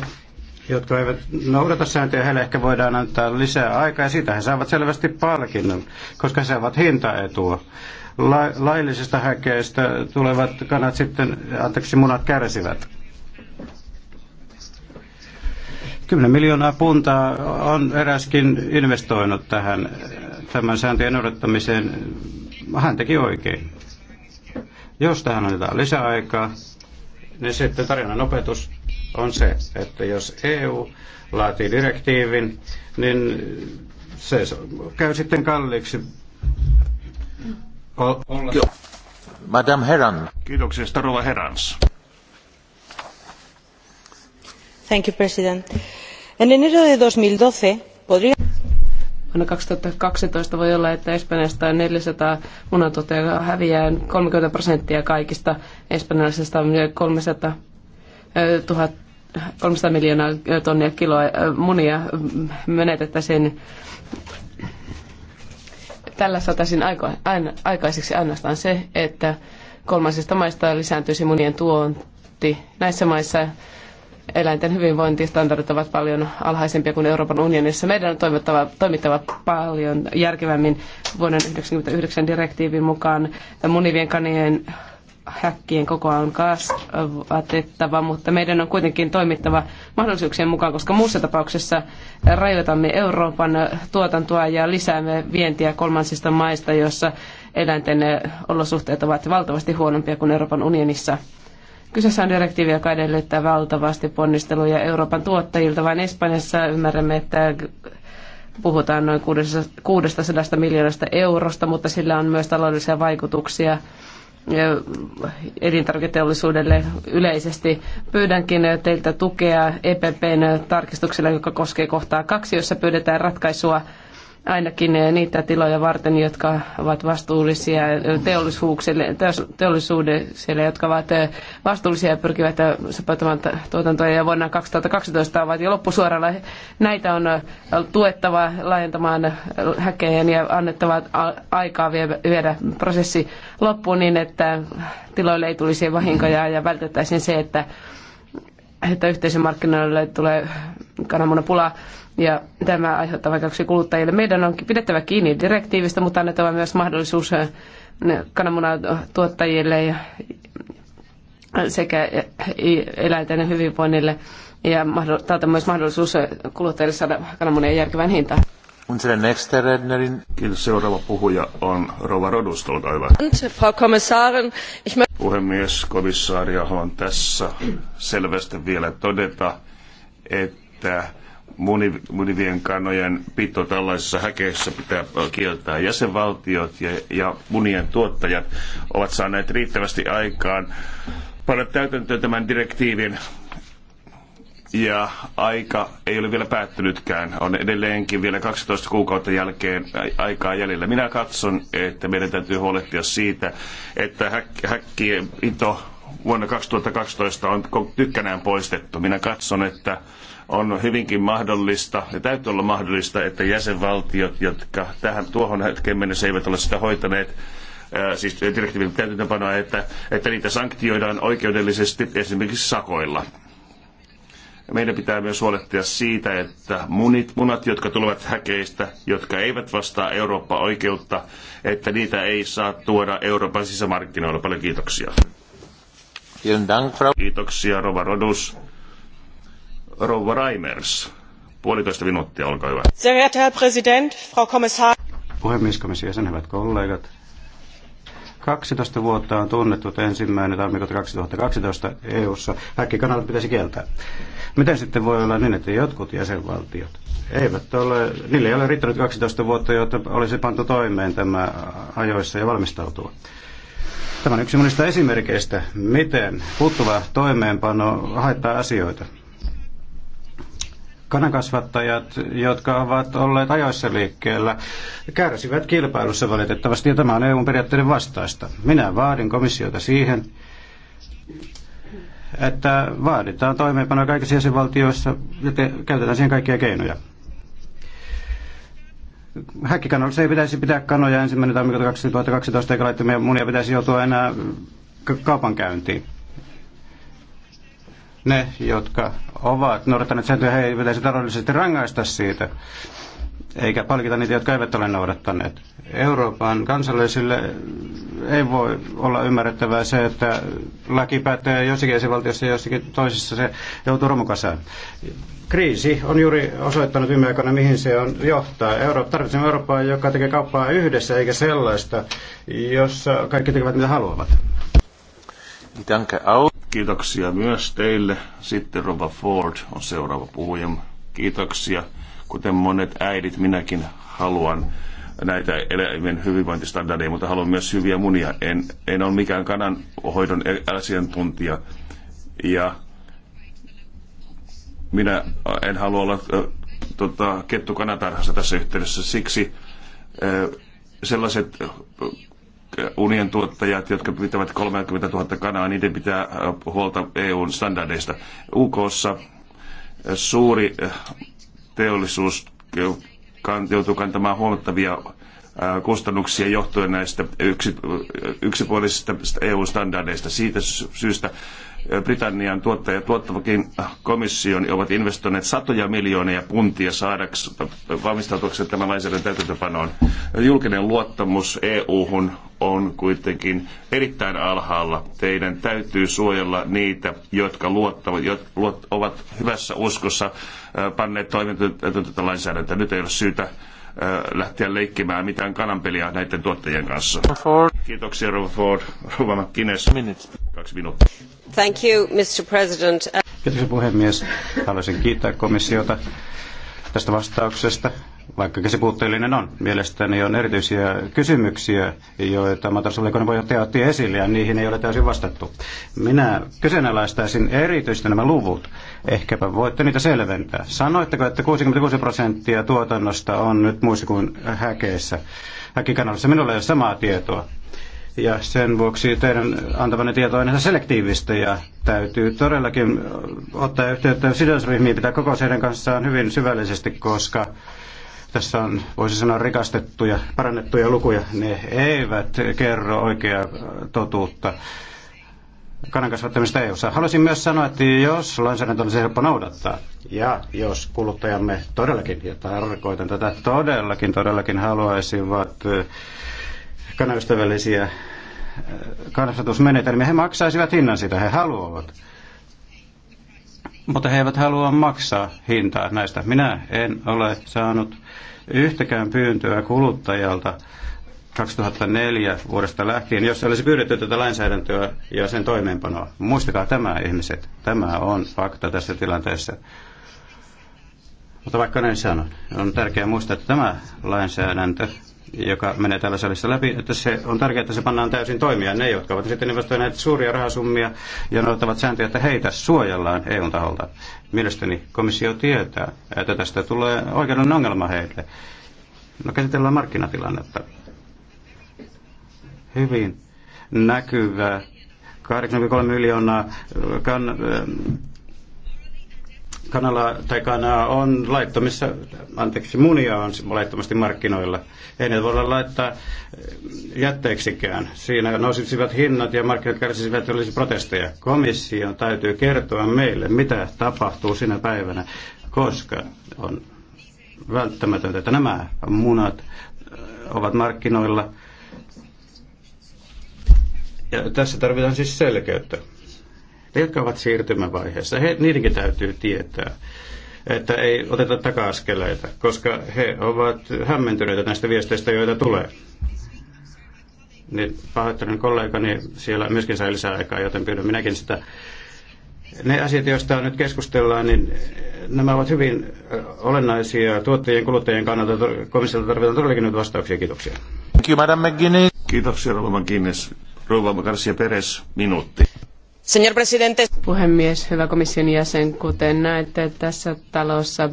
C: jotka eivät noudata sääntöjä, heille ehkä voidaan antaa lisää aikaa ja siitä he saavat selvästi palkinnon, koska he saavat hintaetua. La- laillisista häkeistä tulevat kanat sitten, anteeksi, munat kärsivät. 10 miljoonaa puntaa on eräskin investoinut tähän tämän sääntöjen odottamiseen. Hän teki oikein. Jos tähän on lisäaikaa, niin sitten tarinan opetus on se, että jos EU laatii direktiivin, niin se käy sitten kalliiksi olla. Madame Herran.
F: Kiitoksia, Starola Herrans
D: señor presidente en enero de dos mil doce podría.
E: että Espanjasta 400 munatuottajaa häviää 30 prosenttia kaikista espanjalaisista 300 000 miljoonaa tonnia kiloa munia menetettäisiin. Tällä saataisiin aikaiseksi ainoastaan se, että kolmansista maista lisääntyisi munien tuonti. Näissä maissa eläinten hyvinvointistandardit ovat paljon alhaisempia kuin Euroopan unionissa. Meidän on toimittava, toimittava paljon järkevämmin vuoden 1999 direktiivin mukaan munivien kanien häkkien kokoa on kasvatettava, mutta meidän on kuitenkin toimittava mahdollisuuksien mukaan, koska muussa tapauksessa rajoitamme Euroopan tuotantoa ja lisäämme vientiä kolmansista maista, joissa eläinten olosuhteet ovat valtavasti huonompia kuin Euroopan unionissa. Kyseessä on direktiivi, joka edellyttää valtavasti ponnisteluja Euroopan tuottajilta. Vain Espanjassa ymmärrämme, että puhutaan noin 600 miljoonasta eurosta, mutta sillä on myös taloudellisia vaikutuksia elintarviketeollisuudelle yleisesti. Pyydänkin teiltä tukea EPPn tarkistuksella, joka koskee kohtaa kaksi, jossa pyydetään ratkaisua ainakin niitä tiloja varten, jotka ovat vastuullisia teollisuuksille, teollisuudelle, jotka ovat vastuullisia ja pyrkivät sopeutumaan tuotantoa ja vuonna 2012 ovat jo loppusuoralla. Näitä on tuettava laajentamaan häkeen ja annettava aikaa viedä prosessi loppuun niin, että tiloille ei tulisi vahinkoja ja vältettäisiin se, että, että yhteisömarkkinoille tulee kananmunapulaa ja tämä aiheuttaa vaikeuksia kuluttajille. Meidän on pidettävä kiinni direktiivistä, mutta annettava myös mahdollisuus äh, kananmunatuottajille ja sekä eläinten hyvinvoinnille ja täältä myös mahdollisuus äh, kuluttajille saada kananmunia järkevään hintaan.
F: Kiitos. Seuraava puhuja on Rova Rodust, olkaa hyvä. Puhemies, komissaaria haluan tässä selvästi vielä todeta, että munivien kanojen pito tällaisessa häkeessä pitää kieltää. Jäsenvaltiot ja, ja munien tuottajat ovat saaneet riittävästi aikaan panna täytäntöön tämän direktiivin ja aika ei ole vielä päättynytkään. On edelleenkin vielä 12 kuukautta jälkeen aikaa jäljellä. Minä katson, että meidän täytyy huolehtia siitä, että häk- häkkien ito vuonna 2012 on tykkänään poistettu. Minä katson, että on hyvinkin mahdollista ja täytyy olla mahdollista, että jäsenvaltiot, jotka tähän tuohon hetkeen mennessä eivät ole sitä hoitaneet, siis direktiivin täytäntöpanoa, että, että niitä sanktioidaan oikeudellisesti esimerkiksi sakoilla. Meidän pitää myös huolehtia siitä, että munit, munat, jotka tulevat häkeistä, jotka eivät vastaa Eurooppa-oikeutta, että niitä ei saa tuoda Euroopan sisämarkkinoille. Paljon kiitoksia. Kiitoksia, Rova Rodus. Rouva
C: Raimers, puolitoista minuuttia, olkaa hyvä.
A: Sehr geehrter Herr Präsident, Frau Kommissar.
C: Puhemies, komission jäsen, hyvät kollegat. 12 vuotta on tunnettu, että ensimmäinen tammikuuta 2012 EU-ssa häkkikanalat pitäisi kieltää. Miten sitten voi olla niin, että jotkut jäsenvaltiot eivät ole, niille ei ole riittänyt 12 vuotta, jotta olisi pantu toimeen tämä ajoissa ja valmistautua. Tämä on yksi monista esimerkkeistä, miten puuttuva toimeenpano haittaa asioita. Kanakasvattajat, jotka ovat olleet ajoissa liikkeellä, kärsivät kilpailussa valitettavasti, ja tämä on EUn periaatteiden vastaista. Minä vaadin komissiota siihen, että vaaditaan toimeenpanoa kaikissa jäsenvaltioissa ja te, käytetään siihen kaikkia keinoja. Häkkikanoissa ei pitäisi pitää kanoja ensimmäinen tammikuuta 2012 eikä laittamia munia pitäisi joutua enää kaupankäyntiin ne, jotka ovat noudattaneet sääntöjä, he ei pitäisi taloudellisesti rangaista siitä, eikä palkita niitä, jotka eivät ole noudattaneet. Euroopan kansalaisille ei voi olla ymmärrettävää se, että laki päättää jossakin esivaltiossa ja jossakin toisessa se joutuu romukasaan. Kriisi on juuri osoittanut viime aikoina, mihin se on johtaa. Euroop, tarvitsemme Eurooppaa, joka tekee kauppaa yhdessä, eikä sellaista, jossa kaikki tekevät mitä haluavat.
F: Danke Kiitoksia myös teille. Sitten Rova Ford on seuraava puhuja. Kiitoksia. Kuten monet äidit, minäkin haluan näitä eläimen hyvinvointistandardeja, mutta haluan myös hyviä munia. En, en ole mikään kananhoidon e- asiantuntija. Ja minä äh, en halua olla äh, tota, kanatarhassa tässä yhteydessä. Siksi äh, sellaiset äh, unien tuottajat, jotka pitävät 30 000 kanaa, niiden pitää äh, huolta EUn standardeista. UKssa äh, suuri äh, teollisuus joutuu kantamaan huomattavia kustannuksia johtuen näistä yksi, yksipuolisista EU-standardeista. Siitä syystä Britannian tuottaja tuottavakin komissio ovat investoineet satoja miljoonia puntia saadaksi valmistautuakseen tämän lainsäädännön täytäntöpanoon. Julkinen luottamus EU-hun on kuitenkin erittäin alhaalla. Teidän täytyy suojella niitä, jotka luottavat, ovat hyvässä uskossa panneet toimintaa lainsäädäntöä. Nyt ei ole syytä Äh, lähteä leikkimään mitään kananpeliä näiden tuottajien kanssa. Kiitoksia, Rova Ford. Rova McGuinness.
C: Kaksi minuuttia.
D: Thank you, Mr. President.
C: Kiitoksia puhemies. Haluaisin kiittää komissiota tästä vastauksesta vaikka se puutteellinen on. Mielestäni on erityisiä kysymyksiä, joita maatalousvaliokunnan puheenjohtaja otti esille, ja niihin ei ole täysin vastattu. Minä kyseenalaistaisin erityisesti nämä luvut. Ehkäpä voitte niitä selventää. Sanoitteko, että 66 prosenttia tuotannosta on nyt muissa kuin häkeissä, häkikanavissa? Minulla ei ole samaa tietoa. Ja sen vuoksi teidän antamanne tieto on ihan selektiivistä ja täytyy todellakin ottaa yhteyttä sidosryhmiin, pitää koko heidän kanssaan hyvin syvällisesti, koska tässä on, voisi sanoa, rikastettuja, parannettuja lukuja. Ne eivät kerro oikeaa totuutta kanankasvattamista eu -ssa. Haluaisin myös sanoa, että jos lainsäädäntö olisi helppo noudattaa, ja jos kuluttajamme todellakin, ja tarkoitan tätä todellakin, todellakin haluaisivat eh, kanaystävällisiä eh, kasvatusmenetelmiä, he maksaisivat hinnan sitä, he haluavat. Mutta he eivät halua maksaa hintaa näistä. Minä en ole saanut yhtäkään pyyntöä kuluttajalta 2004 vuodesta lähtien, jos olisi pyydetty tätä lainsäädäntöä ja sen toimeenpanoa. Muistakaa tämä ihmiset, tämä on fakta tässä tilanteessa. Mutta vaikka näin sanon, on tärkeää muistaa, että tämä lainsäädäntö, joka menee täällä salissa läpi, että se on tärkeää, että se pannaan täysin toimia. Ne, jotka ovat sitten investoineet suuria rahasummia ja noudattavat sääntöjä, että heitä suojellaan EUn taholta. Mielestäni komissio tietää, että tästä tulee oikeuden ongelma heille. No käsitellään markkinatilannetta. Hyvin näkyvä 83 miljoonaa kan, kanala, tai kanaa on laittomissa, anteeksi, munia on laittomasti markkinoilla. Ei ne voida laittaa eh, jätteeksikään. Siinä nousisivat hinnat ja markkinat kärsisivät, olisi protesteja. Komissio täytyy kertoa meille, mitä tapahtuu sinä päivänä, koska on välttämätöntä, että nämä munat eh, ovat markkinoilla. Ja tässä tarvitaan siis selkeyttä. Ne, jotka ovat siirtymävaiheessa, he, niidenkin täytyy tietää, että ei oteta taka-askeleita, koska he ovat hämmentyneitä näistä viesteistä, joita tulee. Niin pahoittelen kollegani siellä myöskin sai lisää aikaa, joten pyydän minäkin sitä. Ne asiat, joista nyt keskustellaan, niin nämä ovat hyvin olennaisia tuottajien kuluttajien kannalta. Komissiolta tarvitaan todellakin nyt vastauksia. Kiitoksia.
F: Kiitoksia, Rouva McGuinness. Rouva Garcia Perez, minuutti
E: arvoisa Puhemies, hyvä komission jäsen, kuten näette tässä talossa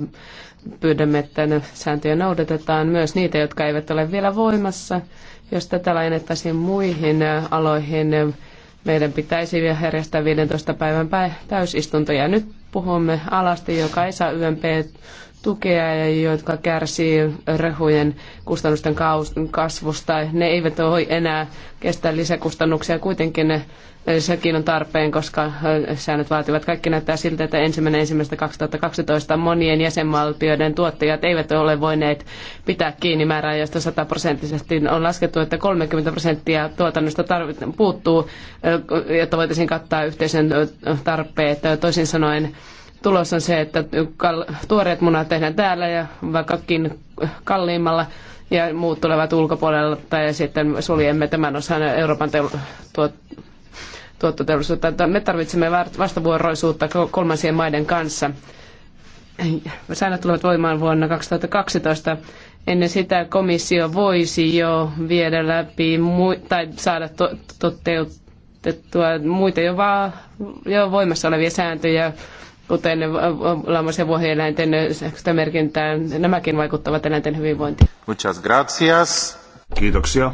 E: pyydämme, että sääntöjä noudatetaan myös niitä, jotka eivät ole vielä voimassa. Jos tätä laajennettaisiin muihin aloihin, meidän pitäisi järjestää 15 päivän täysistuntoja. Nyt puhumme alasti, joka ei saa YMP tukea ja jotka kärsii rehujen kustannusten kasvusta. Ne eivät voi enää kestää lisäkustannuksia. Kuitenkin sekin on tarpeen, koska säännöt vaativat. Kaikki näyttää siltä, että ensimmäinen ensimmäistä 2012 monien jäsenvaltioiden tuottajat eivät ole voineet pitää kiinni josta sataprosenttisesti. On laskettu, että 30 prosenttia tuotannosta tarvit- puuttuu, jotta voitaisiin kattaa yhteisen tarpeet. Toisin sanoen tulos on se, että tuoreet munat tehdään täällä ja vaikkakin kalliimmalla ja muut tulevat ulkopuolelta ja sitten suljemme tämän osan Euroopan teul- tuot- tuottoteollisuutta. Me tarvitsemme vastavuoroisuutta kolmansien maiden kanssa. Säännöt tulevat voimaan vuonna 2012. Ennen sitä komissio voisi jo viedä läpi tai saada to- toteutettua muita jo, va- jo voimassa olevia sääntöjä kuten lammas- ja vuohieläinten merkintään. Nämäkin vaikuttavat eläinten hyvinvointiin.
C: Muchas gracias. Kiitoksia.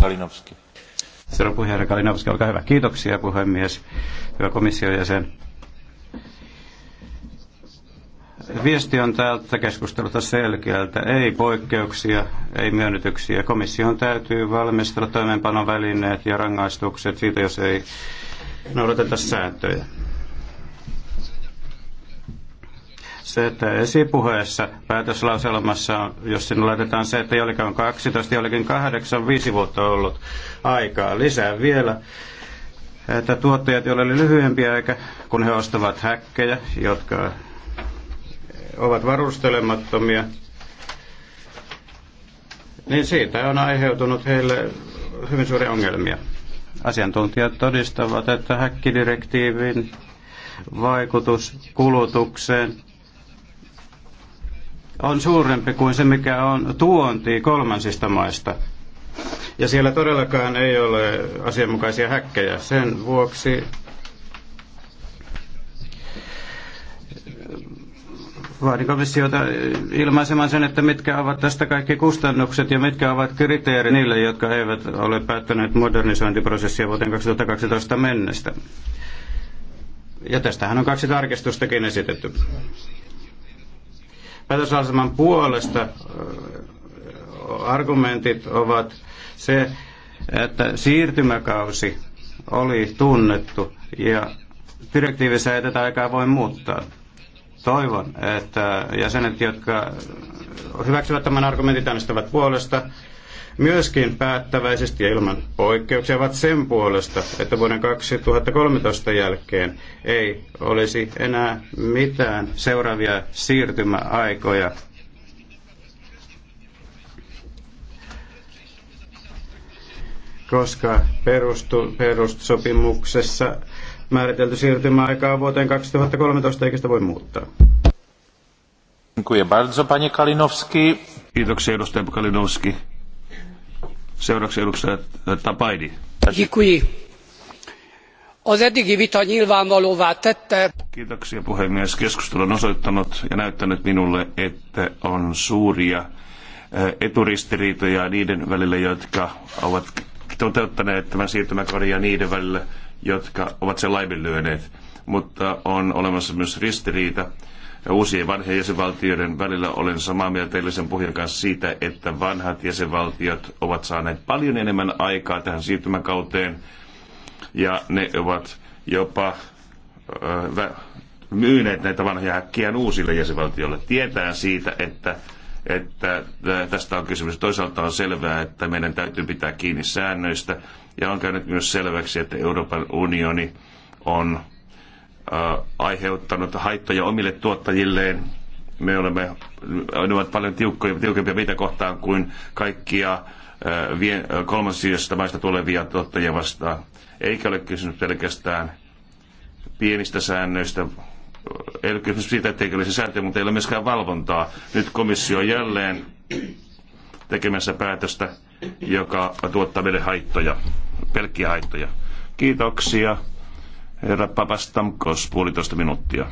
C: Kalinowski. Herra puheenjohtaja Kalinowski, olkaa hyvä. Kiitoksia puhemies. Hyvä komission jäsen. Viesti on täältä keskustelulta selkeältä. Ei poikkeuksia, ei myönnytyksiä. Komission täytyy valmistella toimeenpanovälineet ja rangaistukset siitä, jos ei noudateta sääntöjä. se, että esipuheessa päätöslauselmassa, jos sinne laitetaan se, että jollekin on 12, jollekin 8, 5 vuotta ollut aikaa lisää vielä, että tuottajat, joilla oli lyhyempiä aika, kun he ostavat häkkejä, jotka ovat varustelemattomia, niin siitä on aiheutunut heille hyvin suuria ongelmia. Asiantuntijat todistavat, että häkkidirektiivin vaikutus kulutukseen on suurempi kuin se, mikä on tuonti kolmansista maista. Ja siellä todellakaan ei ole asianmukaisia häkkejä. Sen vuoksi Vaadin eh, ilmaisemaan sen, että mitkä ovat tästä kaikki kustannukset ja mitkä ovat kriteerit niille, jotka eivät ole päättäneet modernisointiprosessia vuoteen 2012 mennessä. Ja tästähän on kaksi tarkistustakin esitetty. Päätöslauselman puolesta eh, argumentit ovat se, että siirtymäkausi oli tunnettu ja direktiivissä ei tätä aikaa voi muuttaa. Toivon, että jäsenet, jotka hyväksyvät tämän argumentin, äänestävät puolesta, myöskin päättäväisesti ja ilman poikkeuksia ovat sen puolesta, että vuoden 2013 jälkeen ei olisi enää mitään seuraavia siirtymäaikoja koska perustu, perustusopimuksessa määritelty siirtymäaikaa vuoteen 2013, eikä sitä voi muuttaa.
F: Dziękuję bardzo, panie Kalinowski. Kiitoksia, edustaja Kalinowski. Seuraavaksi edustaja äh, Tapaidi. Dziękuję.
C: Az eddigi vita nyilvánvalóvá tette.
F: Kiitoksia puhemies. Keskustelu on osoittanut ja näyttänyt minulle, että on suuria äh, eturistiriitoja niiden välillä, jotka ovat toteuttaneet tämän siirtymäkauden ja niiden välillä, jotka ovat sen laiminlyöneet. Mutta on olemassa myös ristiriita uusien vanhojen jäsenvaltioiden välillä. Olen samaa mieltä edellisen pohjan kanssa siitä, että vanhat jäsenvaltiot ovat saaneet paljon enemmän aikaa tähän siirtymäkauteen ja ne ovat jopa myyneet näitä vanhoja häkkiä uusille jäsenvaltioille. Tietää siitä, että, että tästä on kysymys. Toisaalta on selvää, että meidän täytyy pitää kiinni säännöistä ja on käynyt myös selväksi, että Euroopan unioni on äh, aiheuttanut haittoja omille tuottajilleen. Me olemme, ne ovat paljon tiukkoja, tiukempia meitä kohtaan kuin kaikkia äh, äh, kolmansista maista tulevia tuottajia vastaan. Eikä ole kysymys pelkästään pienistä säännöistä, ei ole kysymys siitä, etteikö olisi sääntöjä, mutta ei ole myöskään valvontaa. Nyt komissio on jälleen tekemässä päätöstä, joka tuottaa meille haittoja pelkkiä haittoja. Kiitoksia. Herra Papastamkos, puolitoista minuuttia.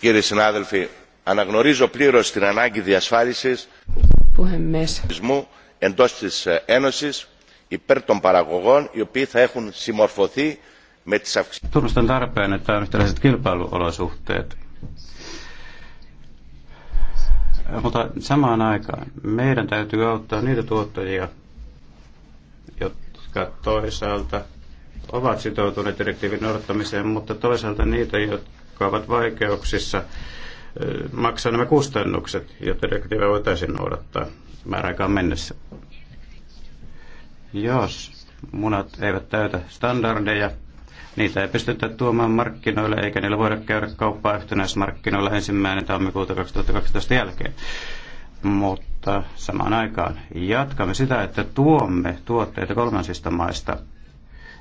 F: Κύριοι συνάδελφοι, αναγνωρίζω πλήρως την ανάγκη διασφάλισης του εντός της υπέρ των παραγωγών οι οποίοι θα έχουν συμμορφωθεί με
C: Tunnustan tarpeen, että on yhtäläiset kilpailuolosuhteet. Mutta samaan aikaan meidän täytyy auttaa niitä tuottajia, jotka jotka toisaalta ovat sitoutuneet direktiivin noudattamiseen, mutta toisaalta niitä, jotka ovat vaikeuksissa maksaa nämä kustannukset, jotta direktiivä voitaisiin noudattaa määräaikaan mennessä. Jos munat eivät täytä standardeja, niitä ei pystytä tuomaan markkinoille eikä niillä voida käydä kauppaa yhtenäismarkkinoilla ensimmäinen tammikuuta 2012 jälkeen mutta samaan aikaan jatkamme sitä, että tuomme tuotteita kolmansista maista,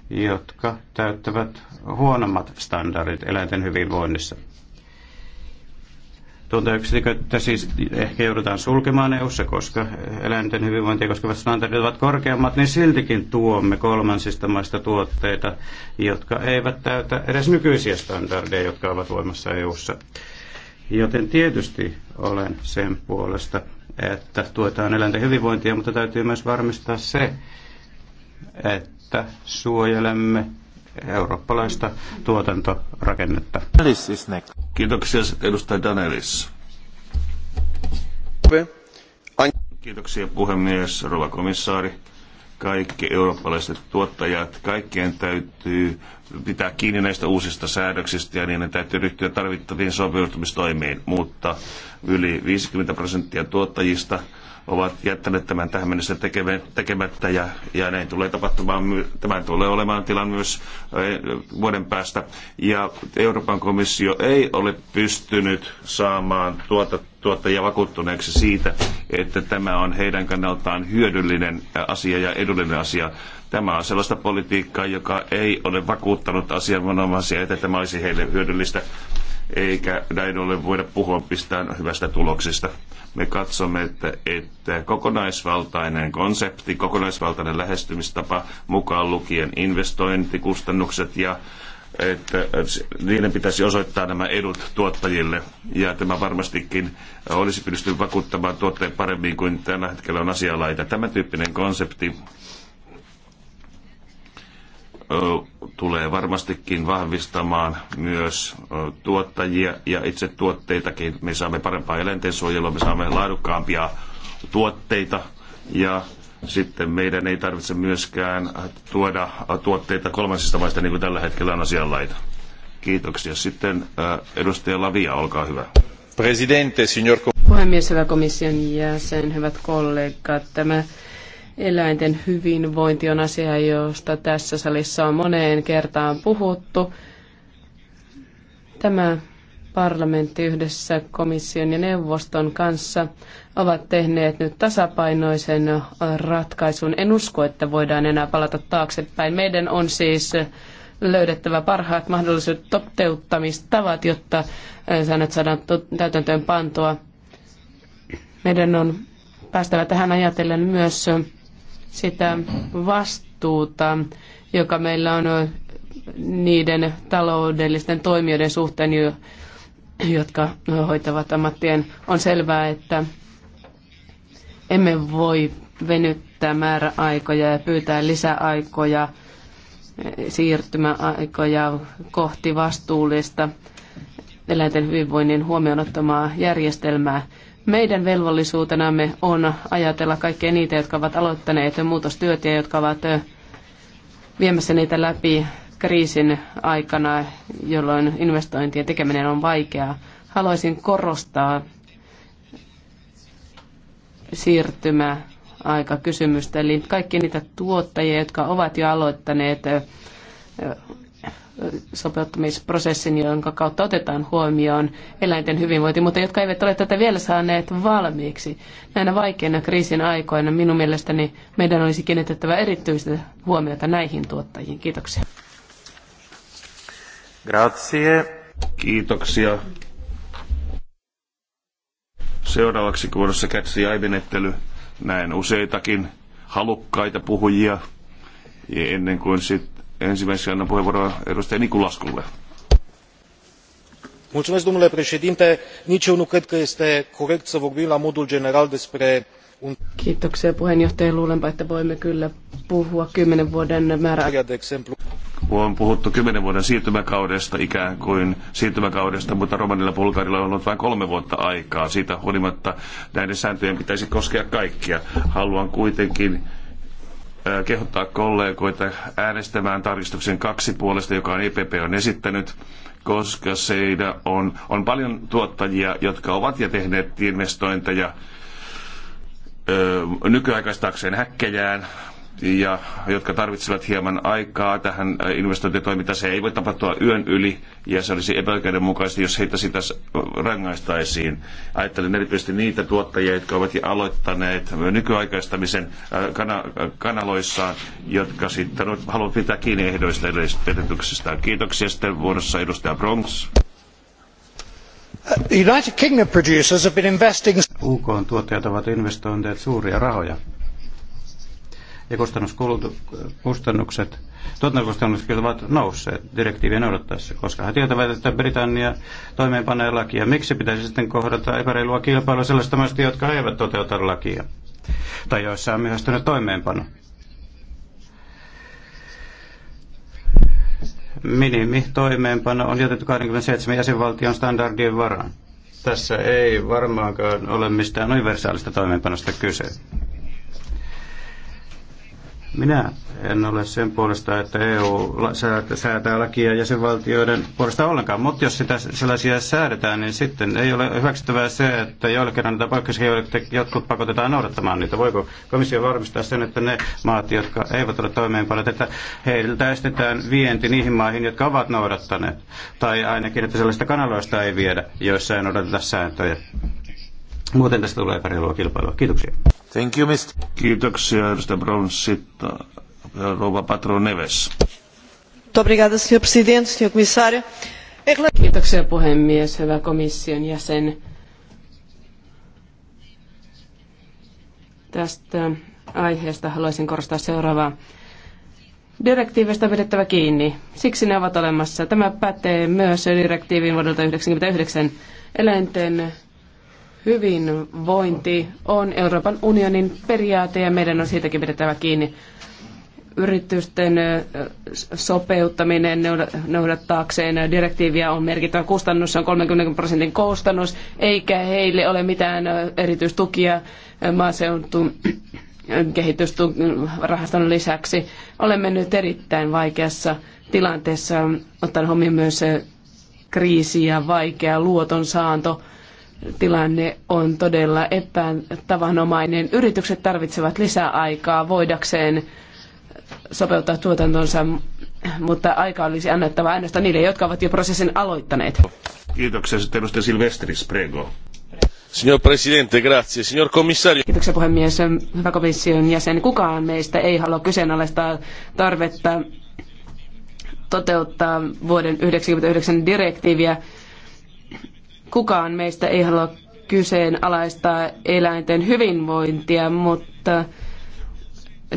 C: jotka täyttävät huonommat standardit eläinten hyvinvoinnissa. Tuontayksiköitä siis ehkä joudutaan sulkemaan eu koska eläinten hyvinvointia koskevat standardit ovat korkeammat, niin siltikin tuomme kolmansista maista tuotteita, jotka eivät täytä edes nykyisiä standardeja, jotka ovat voimassa EU:ssa. ssa Joten tietysti olen sen puolesta, että tuetaan eläinten hyvinvointia, mutta täytyy myös varmistaa se, että suojelemme eurooppalaista tuotantorakennetta. Kiitoksia edustaja Danelis.
F: Kiitoksia puhemies, rouva komissaari. Kaikki eurooppalaiset tuottajat, kaikkien täytyy pitää kiinni näistä uusista säädöksistä ja niiden täytyy ryhtyä tarvittaviin sopeutumistoimiin, mutta yli 50 prosenttia tuottajista ovat jättäneet tämän tähän mennessä tekemättä ja, ja näin tulee tapahtumaan, tämä tulee olemaan tilan myös eh, vuoden päästä. Ja Euroopan komissio ei ole pystynyt saamaan tuota, tuottajia vakuuttuneeksi siitä, että tämä on heidän kannaltaan hyödyllinen asia ja edullinen asia Tämä on sellaista politiikkaa, joka ei ole vakuuttanut asianomaisia, että tämä olisi heille hyödyllistä, eikä näin ollen voida puhua pistään hyvästä tuloksesta. Me katsomme, että, että kokonaisvaltainen konsepti, kokonaisvaltainen lähestymistapa, mukaan lukien investointikustannukset ja että niiden pitäisi osoittaa nämä edut tuottajille. Ja tämä varmastikin olisi pystynyt vakuuttamaan tuotteen paremmin kuin tällä hetkellä on asialaita. Tämä tyyppinen konsepti tulee varmastikin vahvistamaan myös tuottajia ja itse tuotteitakin. Me saamme parempaa eläintensuojelua, me saamme laadukkaampia tuotteita ja sitten meidän ei tarvitse myöskään tuoda tuotteita kolmansista maista niin kuin tällä hetkellä on asianlaita. Kiitoksia. Sitten edustaja Lavia, olkaa hyvä. Presidente, signor...
E: Puhemies, hyvä komission jäsen, hyvät kollegat. Tämä Eläinten hyvinvointi on asia, josta tässä salissa on moneen kertaan puhuttu. Tämä parlamentti yhdessä komission ja neuvoston kanssa ovat tehneet nyt tasapainoisen ratkaisun. En usko, että voidaan enää palata taaksepäin. Meidän on siis löydettävä parhaat mahdolliset toteuttamistavat, jotta äh, säännöt saadaan täytäntöön pantua. Meidän on päästävä tähän ajatellen myös sitä vastuuta, joka meillä on niiden taloudellisten toimijoiden suhteen, jotka hoitavat ammattien. On selvää, että emme voi venyttää määräaikoja ja pyytää lisäaikoja, siirtymäaikoja kohti vastuullista eläinten hyvinvoinnin huomioon ottamaa järjestelmää. Meidän velvollisuutenamme on ajatella kaikkia niitä, jotka ovat aloittaneet muutostyöt ja jotka ovat viemässä niitä läpi kriisin aikana, jolloin investointien tekeminen on vaikeaa. Haluaisin korostaa siirtymä aika kysymystä, eli kaikki niitä tuottajia, jotka ovat jo aloittaneet sopeuttamisprosessin, jonka kautta otetaan huomioon eläinten hyvinvointi, mutta jotka eivät ole tätä vielä saaneet valmiiksi. Näinä vaikeina kriisin aikoina minun mielestäni meidän olisi kiinnitettävä erityistä huomiota näihin tuottajiin. Kiitoksia.
F: Grazie. Kiitoksia. Seuraavaksi kuulossa kätsi aivenettely. Näen useitakin halukkaita puhujia. Ja ennen kuin sitten ensimmäiseksi annan puheenvuoron edustaja Nikulaskulle.
C: domnule președinte. Nici eu nu cred că este corect să vorbim la modul general despre un...
E: Kiitoksia puheenjohtaja. Luulenpa, että voimme kyllä puhua kymmenen vuoden määrä.
F: On puhuttu kymmenen vuoden siirtymäkaudesta ikään kuin siirtymäkaudesta, mutta romanilla bulgarilla on ollut vain kolme vuotta aikaa. Siitä huolimatta näiden sääntöjen pitäisi koskea kaikkia. Haluan kuitenkin kehottaa kollegoita äänestämään tarkistuksen kaksi puolesta, joka on EPP on esittänyt, koska siinä on, on paljon tuottajia, jotka ovat ja tehneet investointeja nykyaikaistaakseen häkkejään, ja jotka tarvitsevat hieman aikaa tähän äh, investointitoimintaan. Se ei voi tapahtua yön yli ja se olisi epäoikeudenmukaista, jos heitä sitä rangaistaisiin. Ajattelen erityisesti niitä tuottajia, jotka ovat jo aloittaneet nykyaikaistamisen äh, kana- kanaloissaan, jotka sitten haluavat pitää kiinni ehdoista edellisestä Kiitoksia sitten vuorossa edustaja Bronx.
C: United Kingdom producers have been investing... UK-tuottajat ovat investoineet suuria rahoja ja kustannukset, tuotantokustannukset ovat nousseet direktiivien odottaessa, koska he tietävät, että Britannia toimeenpanee lakia. Miksi pitäisi sitten kohdata epäreilua kilpailua sellaista maista, jotka eivät toteuta lakia tai joissa on myöhästynyt toimeenpano? Minimi toimeenpano on jätetty 27 jäsenvaltion standardien varaan. Tässä ei varmaankaan ole mistään universaalista toimeenpanosta kyse. Minä en ole sen puolesta, että EU säätää lakia jäsenvaltioiden puolesta ollenkaan, mutta jos sitä, sellaisia säädetään, niin sitten ei ole hyväksyttävää se, että joillekin annetaan poikkeuksia, joille jotkut pakotetaan noudattamaan niitä. Voiko komissio varmistaa sen, että ne maat, jotka eivät ole toimeenpaneet, että heiltä estetään vienti niihin maihin, jotka ovat noudattaneet, tai ainakin, että sellaista kanaloista ei viedä, joissa ei noudateta sääntöjä. Muuten tästä tulee epäreilua kilpailua. Kiitoksia. Thank you, Mr. Kiitoksia, edustaja Brons. Eh, rouva Patro
F: Neves.
E: Obrigada, senhor presidente, senhor comissário. Kiitoksia puhemies, hyvä komission jäsen. Tästä aiheesta haluaisin korostaa seuraavaa. Direktiivistä on pidettävä kiinni. Siksi ne ovat olemassa. Tämä pätee myös direktiivin vuodelta 1999 eläinten hyvinvointi on Euroopan unionin periaate ja meidän on siitäkin pidettävä kiinni. Yritysten sopeuttaminen noudattaakseen direktiiviä on merkittävä kustannus, se on 30 prosentin kustannus, eikä heille ole mitään erityistukia maaseutun kehitysrahaston lisäksi. Olemme nyt erittäin vaikeassa tilanteessa, ottaen huomioon myös kriisi ja vaikea luoton saanto tilanne on todella epätavanomainen. Yritykset tarvitsevat lisää aikaa voidakseen sopeuttaa tuotantonsa, mutta aika olisi annettava ainoastaan niille, jotka ovat jo prosessin aloittaneet.
F: Kiitoksia. Sitten edustaja Silvestris, prego. Signor Presidente, grazie. Signor Commissario. Kiitoksia
E: puhemies. Hyvä komission jäsen. Kukaan meistä ei halua kyseenalaistaa tarvetta toteuttaa vuoden 1999 direktiiviä Kukaan meistä ei halua kyseenalaistaa eläinten hyvinvointia, mutta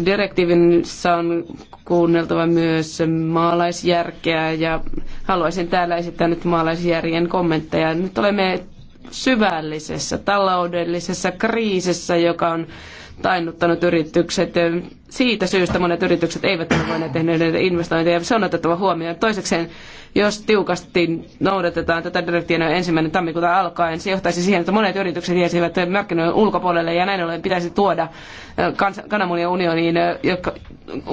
E: direktiivissä on kuunneltava myös maalaisjärkeä ja haluaisin täällä esittää nyt maalaisjärjen kommentteja. Nyt olemme syvällisessä taloudellisessa kriisissä, joka on tainnuttanut yritykset siitä syystä monet yritykset eivät ole voineet tehdä näitä investointeja. Se on otettava huomioon. Toisekseen, jos tiukasti noudatetaan tätä direktiivää ensimmäinen tammikuuta alkaen, se johtaisi siihen, että monet yritykset jäisivät markkinoiden ulkopuolelle ja näin ollen pitäisi tuoda kans- kananmunia unioniin, jotka,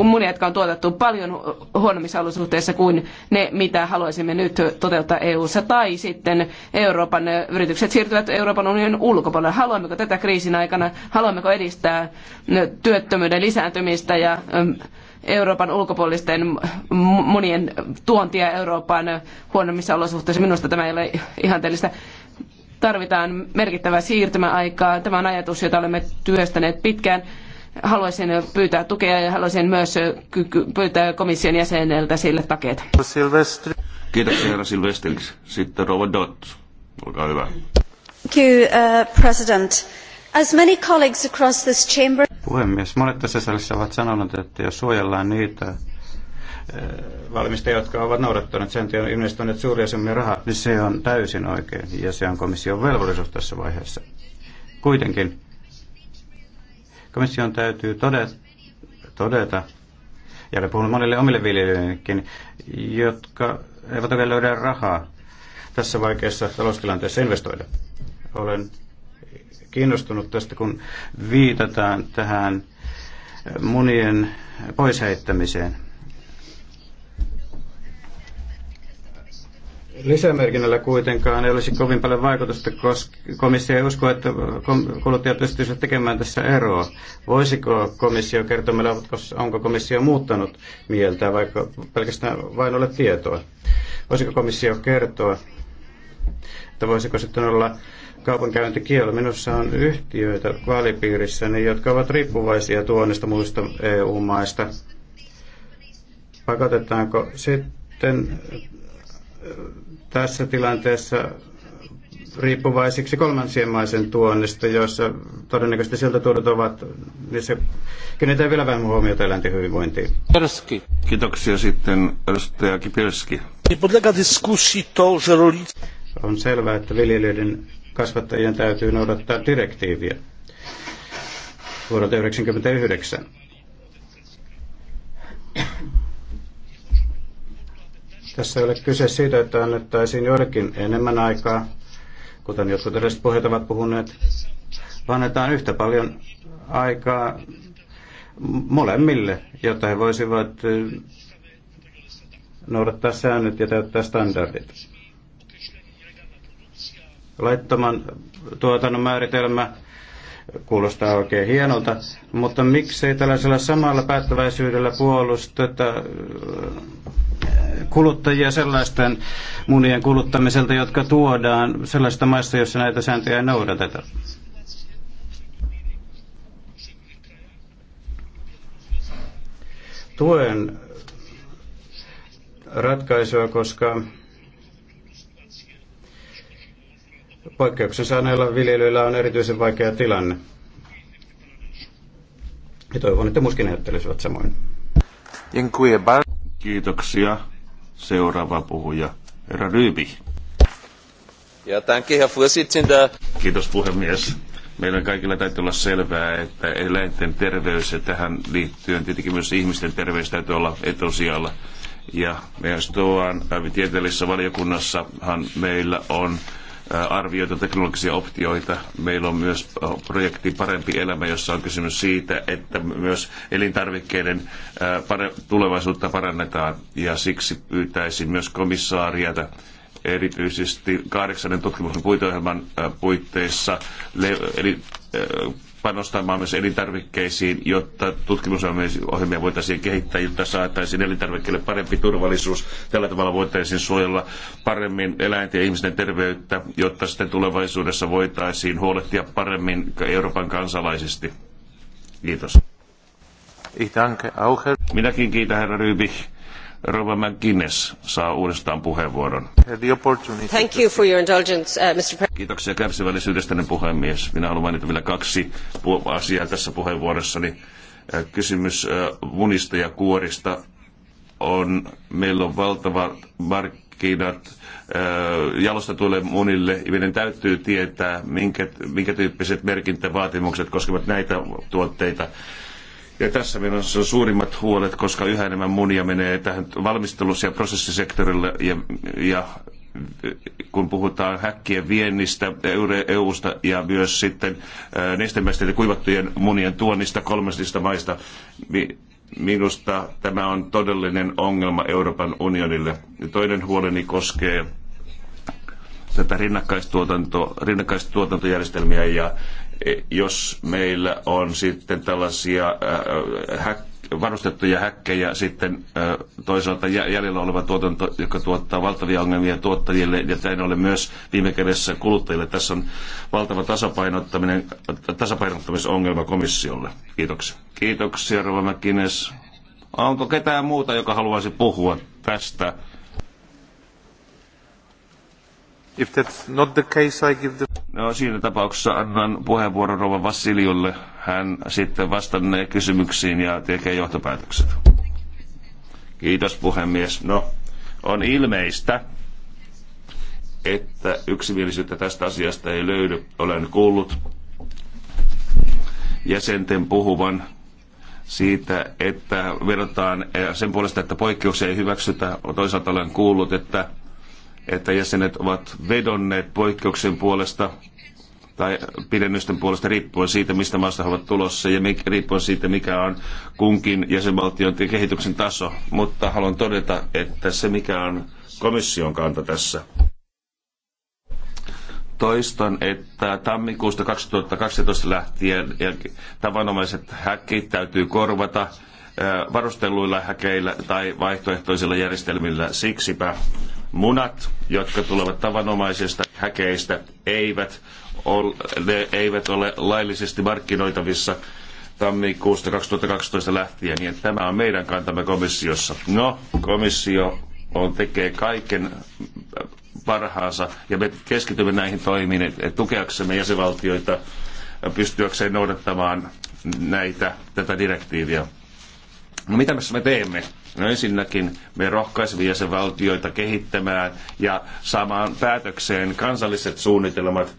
E: munia, jotka on tuotettu paljon huonommissa olosuhteissa kuin ne, mitä haluaisimme nyt toteuttaa EU-ssa. Tai sitten Euroopan yritykset siirtyvät Euroopan unionin ulkopuolelle. Haluammeko tätä kriisin aikana, haluammeko edistää työttömyyden lisääntymistä? toimista ja ähm, Euroopan ulkopuolisten monien tuontia Eurooppaan äh, huonommissa olosuhteissa. Minusta tämä ei ole ihanteellista. Tarvitaan merkittävää siirtymäaikaa. Tämä on ajatus, jota olemme työstäneet pitkään. Haluaisin pyytää tukea ja haluaisin myös äh, pyytää komission jäseneltä sille takeita.
F: Silvestri. Kiitoksia herra Silvestri. Sitten Rova Dott.
C: Olkaa hyvä. Thank you, uh, President. As many colleagues across this chamber Puhemies, monet tässä salissa ovat sanoneet, että jos suojellaan niitä eh, valmistajia, jotka ovat noudattaneet sen on investoineet suuria summia rahaa, niin se on täysin oikein ja se on komission velvollisuus tässä vaiheessa. Kuitenkin komission täytyy todeta, todeta ja olen puhunut monille omille viljelijöillekin, jotka eivät vielä löydä rahaa tässä vaikeassa taloustilanteessa investoida. Olen kiinnostunut tästä, kun viitataan tähän munien poisheittämiseen. Lisämerkinnällä kuitenkaan ei olisi kovin paljon vaikutusta, koska komissio ei usko, että kuluttaja pystyisi tekemään tässä eroa. Voisiko komissio kertoa meille, onko komissio muuttanut mieltä, vaikka pelkästään vain ole tietoa? Voisiko komissio kertoa, että voisiko sitten olla kaupankäyntikielo. Minussa on yhtiöitä vaalipiirissäni, jotka ovat riippuvaisia tuonnista muista EU-maista. Pakotetaanko sitten äh, tässä tilanteessa riippuvaisiksi kolmansien maisen tuonnista, joissa todennäköisesti sieltä tuodut ovat, niin se kenetään vielä vähän huomiota eläinten hyvinvointiin.
F: Pirski. Kiitoksia sitten edustaja Kipirski.
C: On selvää, että viljelijöiden kasvattajien täytyy noudattaa direktiiviä vuodelta 1999. Tässä ei ole kyse siitä, että annettaisiin joillekin enemmän aikaa, kuten jotkut edelliset puheet ovat puhuneet, vaan annetaan yhtä paljon aikaa molemmille, jotta he voisivat noudattaa säännöt ja täyttää standardit laittoman tuotannon määritelmä kuulostaa oikein hienolta, mutta miksei tällaisella samalla päättäväisyydellä puolusteta äh, kuluttajia sellaisten munien kuluttamiselta, jotka tuodaan sellaisista maista, joissa näitä sääntöjä ei noudateta. Tuen ratkaisua, koska poikkeuksen saaneilla viljelyillä on erityisen vaikea tilanne. Ja toivon, että muskin ajattelisivat samoin.
F: Kiitoksia. Seuraava puhuja, herra Ryby. Ja danke, Kiitos puhemies. Meillä kaikilla täytyy olla selvää, että eläinten terveys ja tähän liittyen tietenkin myös ihmisten terveys täytyy olla etusijalla. Ja myös tuon tieteellisessä valiokunnassahan meillä on arvioita teknologisia optioita. Meillä on myös projekti Parempi elämä, jossa on kysymys siitä, että myös elintarvikkeiden tulevaisuutta parannetaan ja siksi pyytäisin myös komissaariata erityisesti kahdeksannen tutkimuksen puiteohjelman puitteissa eli panostamaan myös elintarvikkeisiin, jotta tutkimusohjelmia voitaisiin kehittää, jotta saataisiin elintarvikkeille parempi turvallisuus. Tällä tavalla voitaisiin suojella paremmin eläinten ja ihmisten terveyttä, jotta sitten tulevaisuudessa voitaisiin huolehtia paremmin Euroopan kansalaisesti. Kiitos. Minäkin kiitän herra Rybich Rova McGuinness saa uudestaan puheenvuoron.
D: Thank you for your
F: indulgence, uh, Mr. Kiitoksia kärsivällisyydestäni niin puhemies. Minä haluan mainita vielä kaksi asiaa tässä puheenvuorossani. Äh, kysymys äh, munista ja kuorista on, meillä on valtava markkinat äh, jalostetuille munille. Meidän täytyy tietää, minkä, minkä tyyppiset merkintävaatimukset koskevat näitä tuotteita ja tässä meillä on suurimmat huolet, koska yhä enemmän munia menee tähän valmistelus- ja prosessisektorille ja, ja kun puhutaan häkkien viennistä EU-sta ja myös sitten nestemäisten ja kuivattujen munien tuonnista kolmesta maista, minusta tämä on todellinen ongelma Euroopan unionille. Ja toinen huoleni koskee tätä rinnakkaistuotanto, rinnakkaistuotantojärjestelmiä ja, E, jos meillä on sitten tällaisia häk, varustettuja häkkejä sitten toisaalta jäljellä oleva tuotanto, joka tuottaa valtavia ongelmia tuottajille ja näin ollen myös viime kädessä kuluttajille. Tässä on valtava tasapainottaminen, tasapainottamisongelma komissiolle. Kiitoksia. Kiitoksia, Rova Mäkines. Onko ketään muuta, joka haluaisi puhua tästä If that's not the case, I give the... No, siinä tapauksessa annan puheenvuoron Rova Vassiljulle. Hän sitten vastannee kysymyksiin ja tekee johtopäätökset. Kiitos puhemies. No, on ilmeistä, että yksimielisyyttä tästä asiasta ei löydy. Olen kuullut jäsenten puhuvan siitä, että verrataan eh, sen puolesta, että poikkeuksia ei hyväksytä. Toisaalta olen kuullut, että että jäsenet ovat vedonneet poikkeuksen puolesta tai pidennysten puolesta riippuen siitä, mistä maasta he ovat tulossa ja mikä, riippuen siitä, mikä on kunkin jäsenvaltion kehityksen taso. Mutta haluan todeta, että se mikä on komission kanta tässä. Toistan, että tammikuusta 2012 lähtien tavanomaiset häkit täytyy korvata varustelluilla häkeillä tai vaihtoehtoisilla järjestelmillä. Siksipä Munat, jotka tulevat tavanomaisista häkeistä, eivät ole, ne eivät ole laillisesti markkinoitavissa tammikuusta 2012 lähtien, niin tämä on meidän kantamme komissiossa. No, komissio on, tekee kaiken äh, parhaansa ja me keskitymme näihin toimiin tukeaksemme jäsenvaltioita pystyäkseen noudattamaan näitä, tätä direktiiviä. No mitä me teemme? ensinnäkin me rohkaisemme jäsenvaltioita kehittämään ja saamaan päätökseen kansalliset suunnitelmat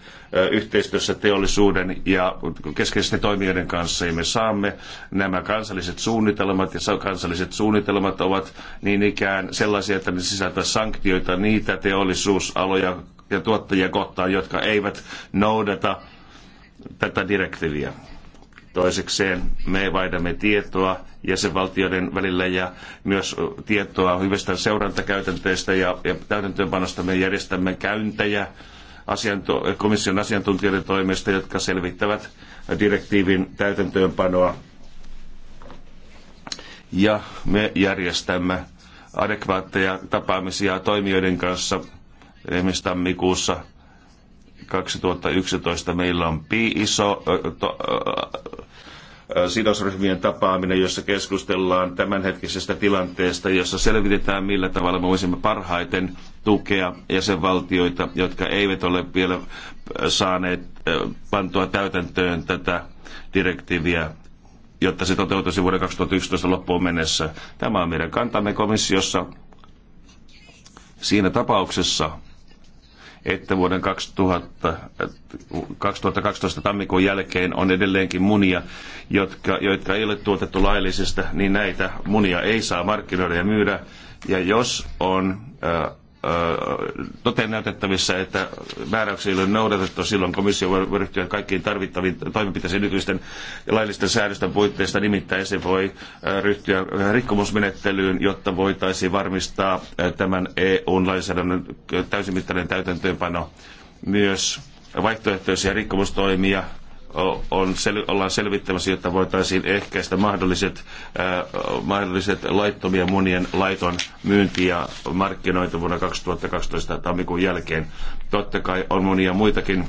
F: yhteistyössä teollisuuden ja keskeisten toimijoiden kanssa. Ja me saamme nämä kansalliset suunnitelmat ja kansalliset suunnitelmat ovat niin ikään sellaisia, että ne sisältävät sanktioita niitä teollisuusaloja ja tuottajia kohtaan, jotka eivät noudata tätä direktiiviä. Toisekseen me vaihdamme tietoa jäsenvaltioiden välillä ja myös tietoa hyvistä seurantakäytänteistä ja, ja täytäntöönpanosta me järjestämme käyntejä asianto, komission asiantuntijoiden toimesta, jotka selvittävät direktiivin täytäntöönpanoa. Ja me järjestämme adekvaatteja tapaamisia toimijoiden kanssa esimerkiksi tammikuussa 2011 meillä on iso to, sidosryhmien tapaaminen, jossa keskustellaan tämänhetkisestä tilanteesta, jossa selvitetään, millä tavalla me voisimme parhaiten tukea jäsenvaltioita, jotka eivät ole vielä saaneet pantua täytäntöön tätä direktiiviä jotta se toteutuisi vuoden 2011 loppuun mennessä. Tämä on meidän kantamme komissiossa. Siinä tapauksessa, että vuoden 2000, 2012 tammikuun jälkeen on edelleenkin munia, jotka, jotka ei ole tuotettu laillisesta, niin näitä munia ei saa markkinoida ja myydä. Ja jos on äh, toteen näytettävissä, että määräyksiä ei ole noudatettu. Silloin komissio voi ryhtyä kaikkiin tarvittaviin toimenpiteisiin nykyisten laillisten säädösten puitteista. Nimittäin se voi ryhtyä rikkomusmenettelyyn, jotta voitaisiin varmistaa tämän EU-lainsäädännön täysimittainen täytäntöönpano myös vaihtoehtoisia rikkomustoimia on, sel, ollaan selvittämässä, jotta voitaisiin ehkäistä mahdolliset, äh, mahdolliset laittomia monien laiton myynti ja markkinointi vuonna 2012 tammikuun jälkeen. Totta kai on monia muitakin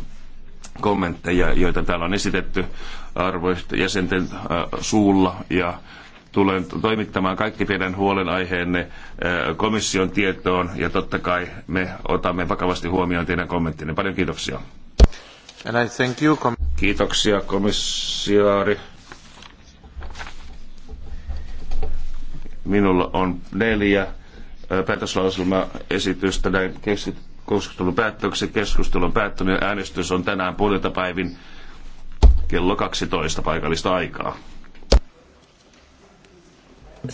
F: kommentteja, joita täällä on esitetty arvoisten jäsenten suulla ja tulen toimittamaan kaikki teidän huolenaiheenne komission tietoon ja totta kai me otamme vakavasti huomioon teidän kommenttinne. Paljon kiitoksia. And I thank you, Kiitoksia komissaari. Minulla on neljä päätöslauselmaesitystä näin keskustelun päättöksi. Keskustelu on päättynyt äänestys on tänään puolilta päivin kello 12 paikallista
C: aikaa.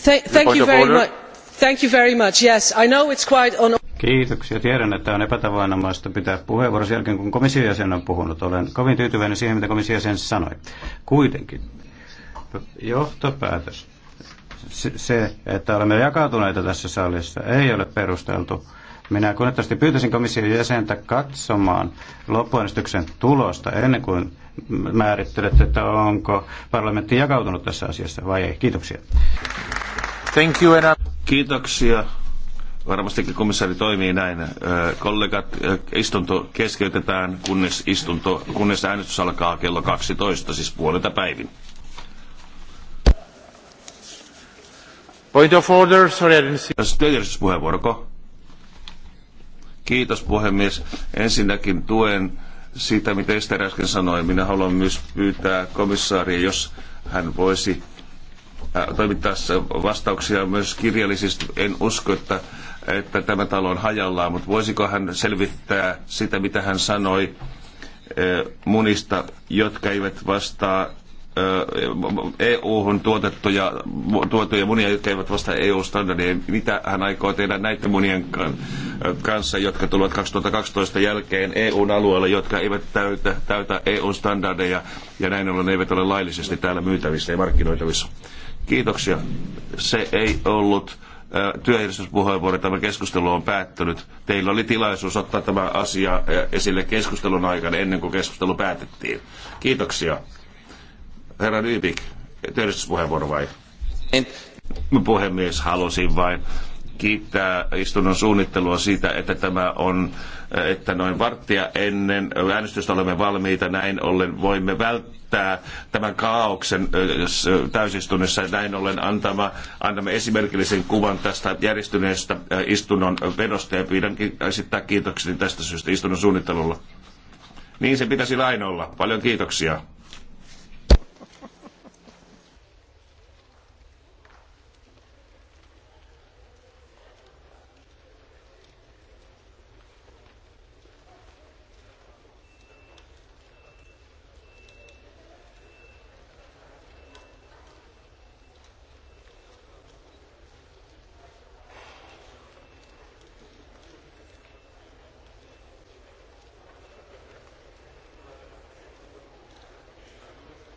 E: Thank, thank you very much. Thank you very much. Yes, I know it's quite on
C: Kiitoksia. Tiedän, että on epätavanomaista pitää puheenvuoron jälkeen, kun komission on puhunut. Olen kovin tyytyväinen siihen, mitä komission sanoi. Kuitenkin johtopäätös. Se, että olemme jakautuneita tässä salissa, ei ole perusteltu. Minä kunnettavasti pyytäisin komission jäsentä katsomaan loppuäänestyksen tulosta ennen kuin määrittelet, että onko parlamentti jakautunut tässä asiassa vai ei. Kiitoksia. Thank you, Kiitoksia.
F: Varmastikin komissaari toimii näin. Kollegat, istunto keskeytetään, kunnes, istunto, kunnes äänestys alkaa kello 12, siis puolelta päivin. Point of
C: order, sorry,
F: I Kiitos puhemies. Ensinnäkin tuen sitä, mitä Ester äsken sanoi. Minä haluan myös pyytää komissaaria, jos hän voisi toimittaa vastauksia myös kirjallisesti. En usko, että että tämä talo on hajallaan, mutta voisiko hän selvittää sitä, mitä hän sanoi eh, munista, jotka eivät vastaa EU-hun eh, e tuotettuja, tuotuja munia, jotka eivät vastaa EU-standardeja. Mitä hän aikoo tehdä näiden munien kanssa, jotka tulevat 2012 jälkeen eu alueella, jotka eivät täytä, täytä EU-standardeja ja näin ollen eivät ole laillisesti täällä myytävissä ja markkinoitavissa? Kiitoksia. Se ei ollut työjärjestyspuheenvuoro. Tämä keskustelu on päättynyt. Teillä oli tilaisuus ottaa tämä asia esille keskustelun aikana ennen kuin keskustelu päätettiin. Kiitoksia. Herra Nybik, työjärjestyspuheenvuoro vai? En. Puhemies, halusin vain kiittää istunnon suunnittelua siitä, että tämä on, että noin varttia ennen äänestystä olemme valmiita. Näin ollen voimme välttää estää tämän kaauksen täysistunnossa ja näin ollen antama, annamme esimerkillisen kuvan tästä järjestyneestä istunnon vedosta ja pyydän esittää kiitokseni tästä syystä istunnon suunnittelulla. Niin se pitäisi aina olla. Paljon kiitoksia.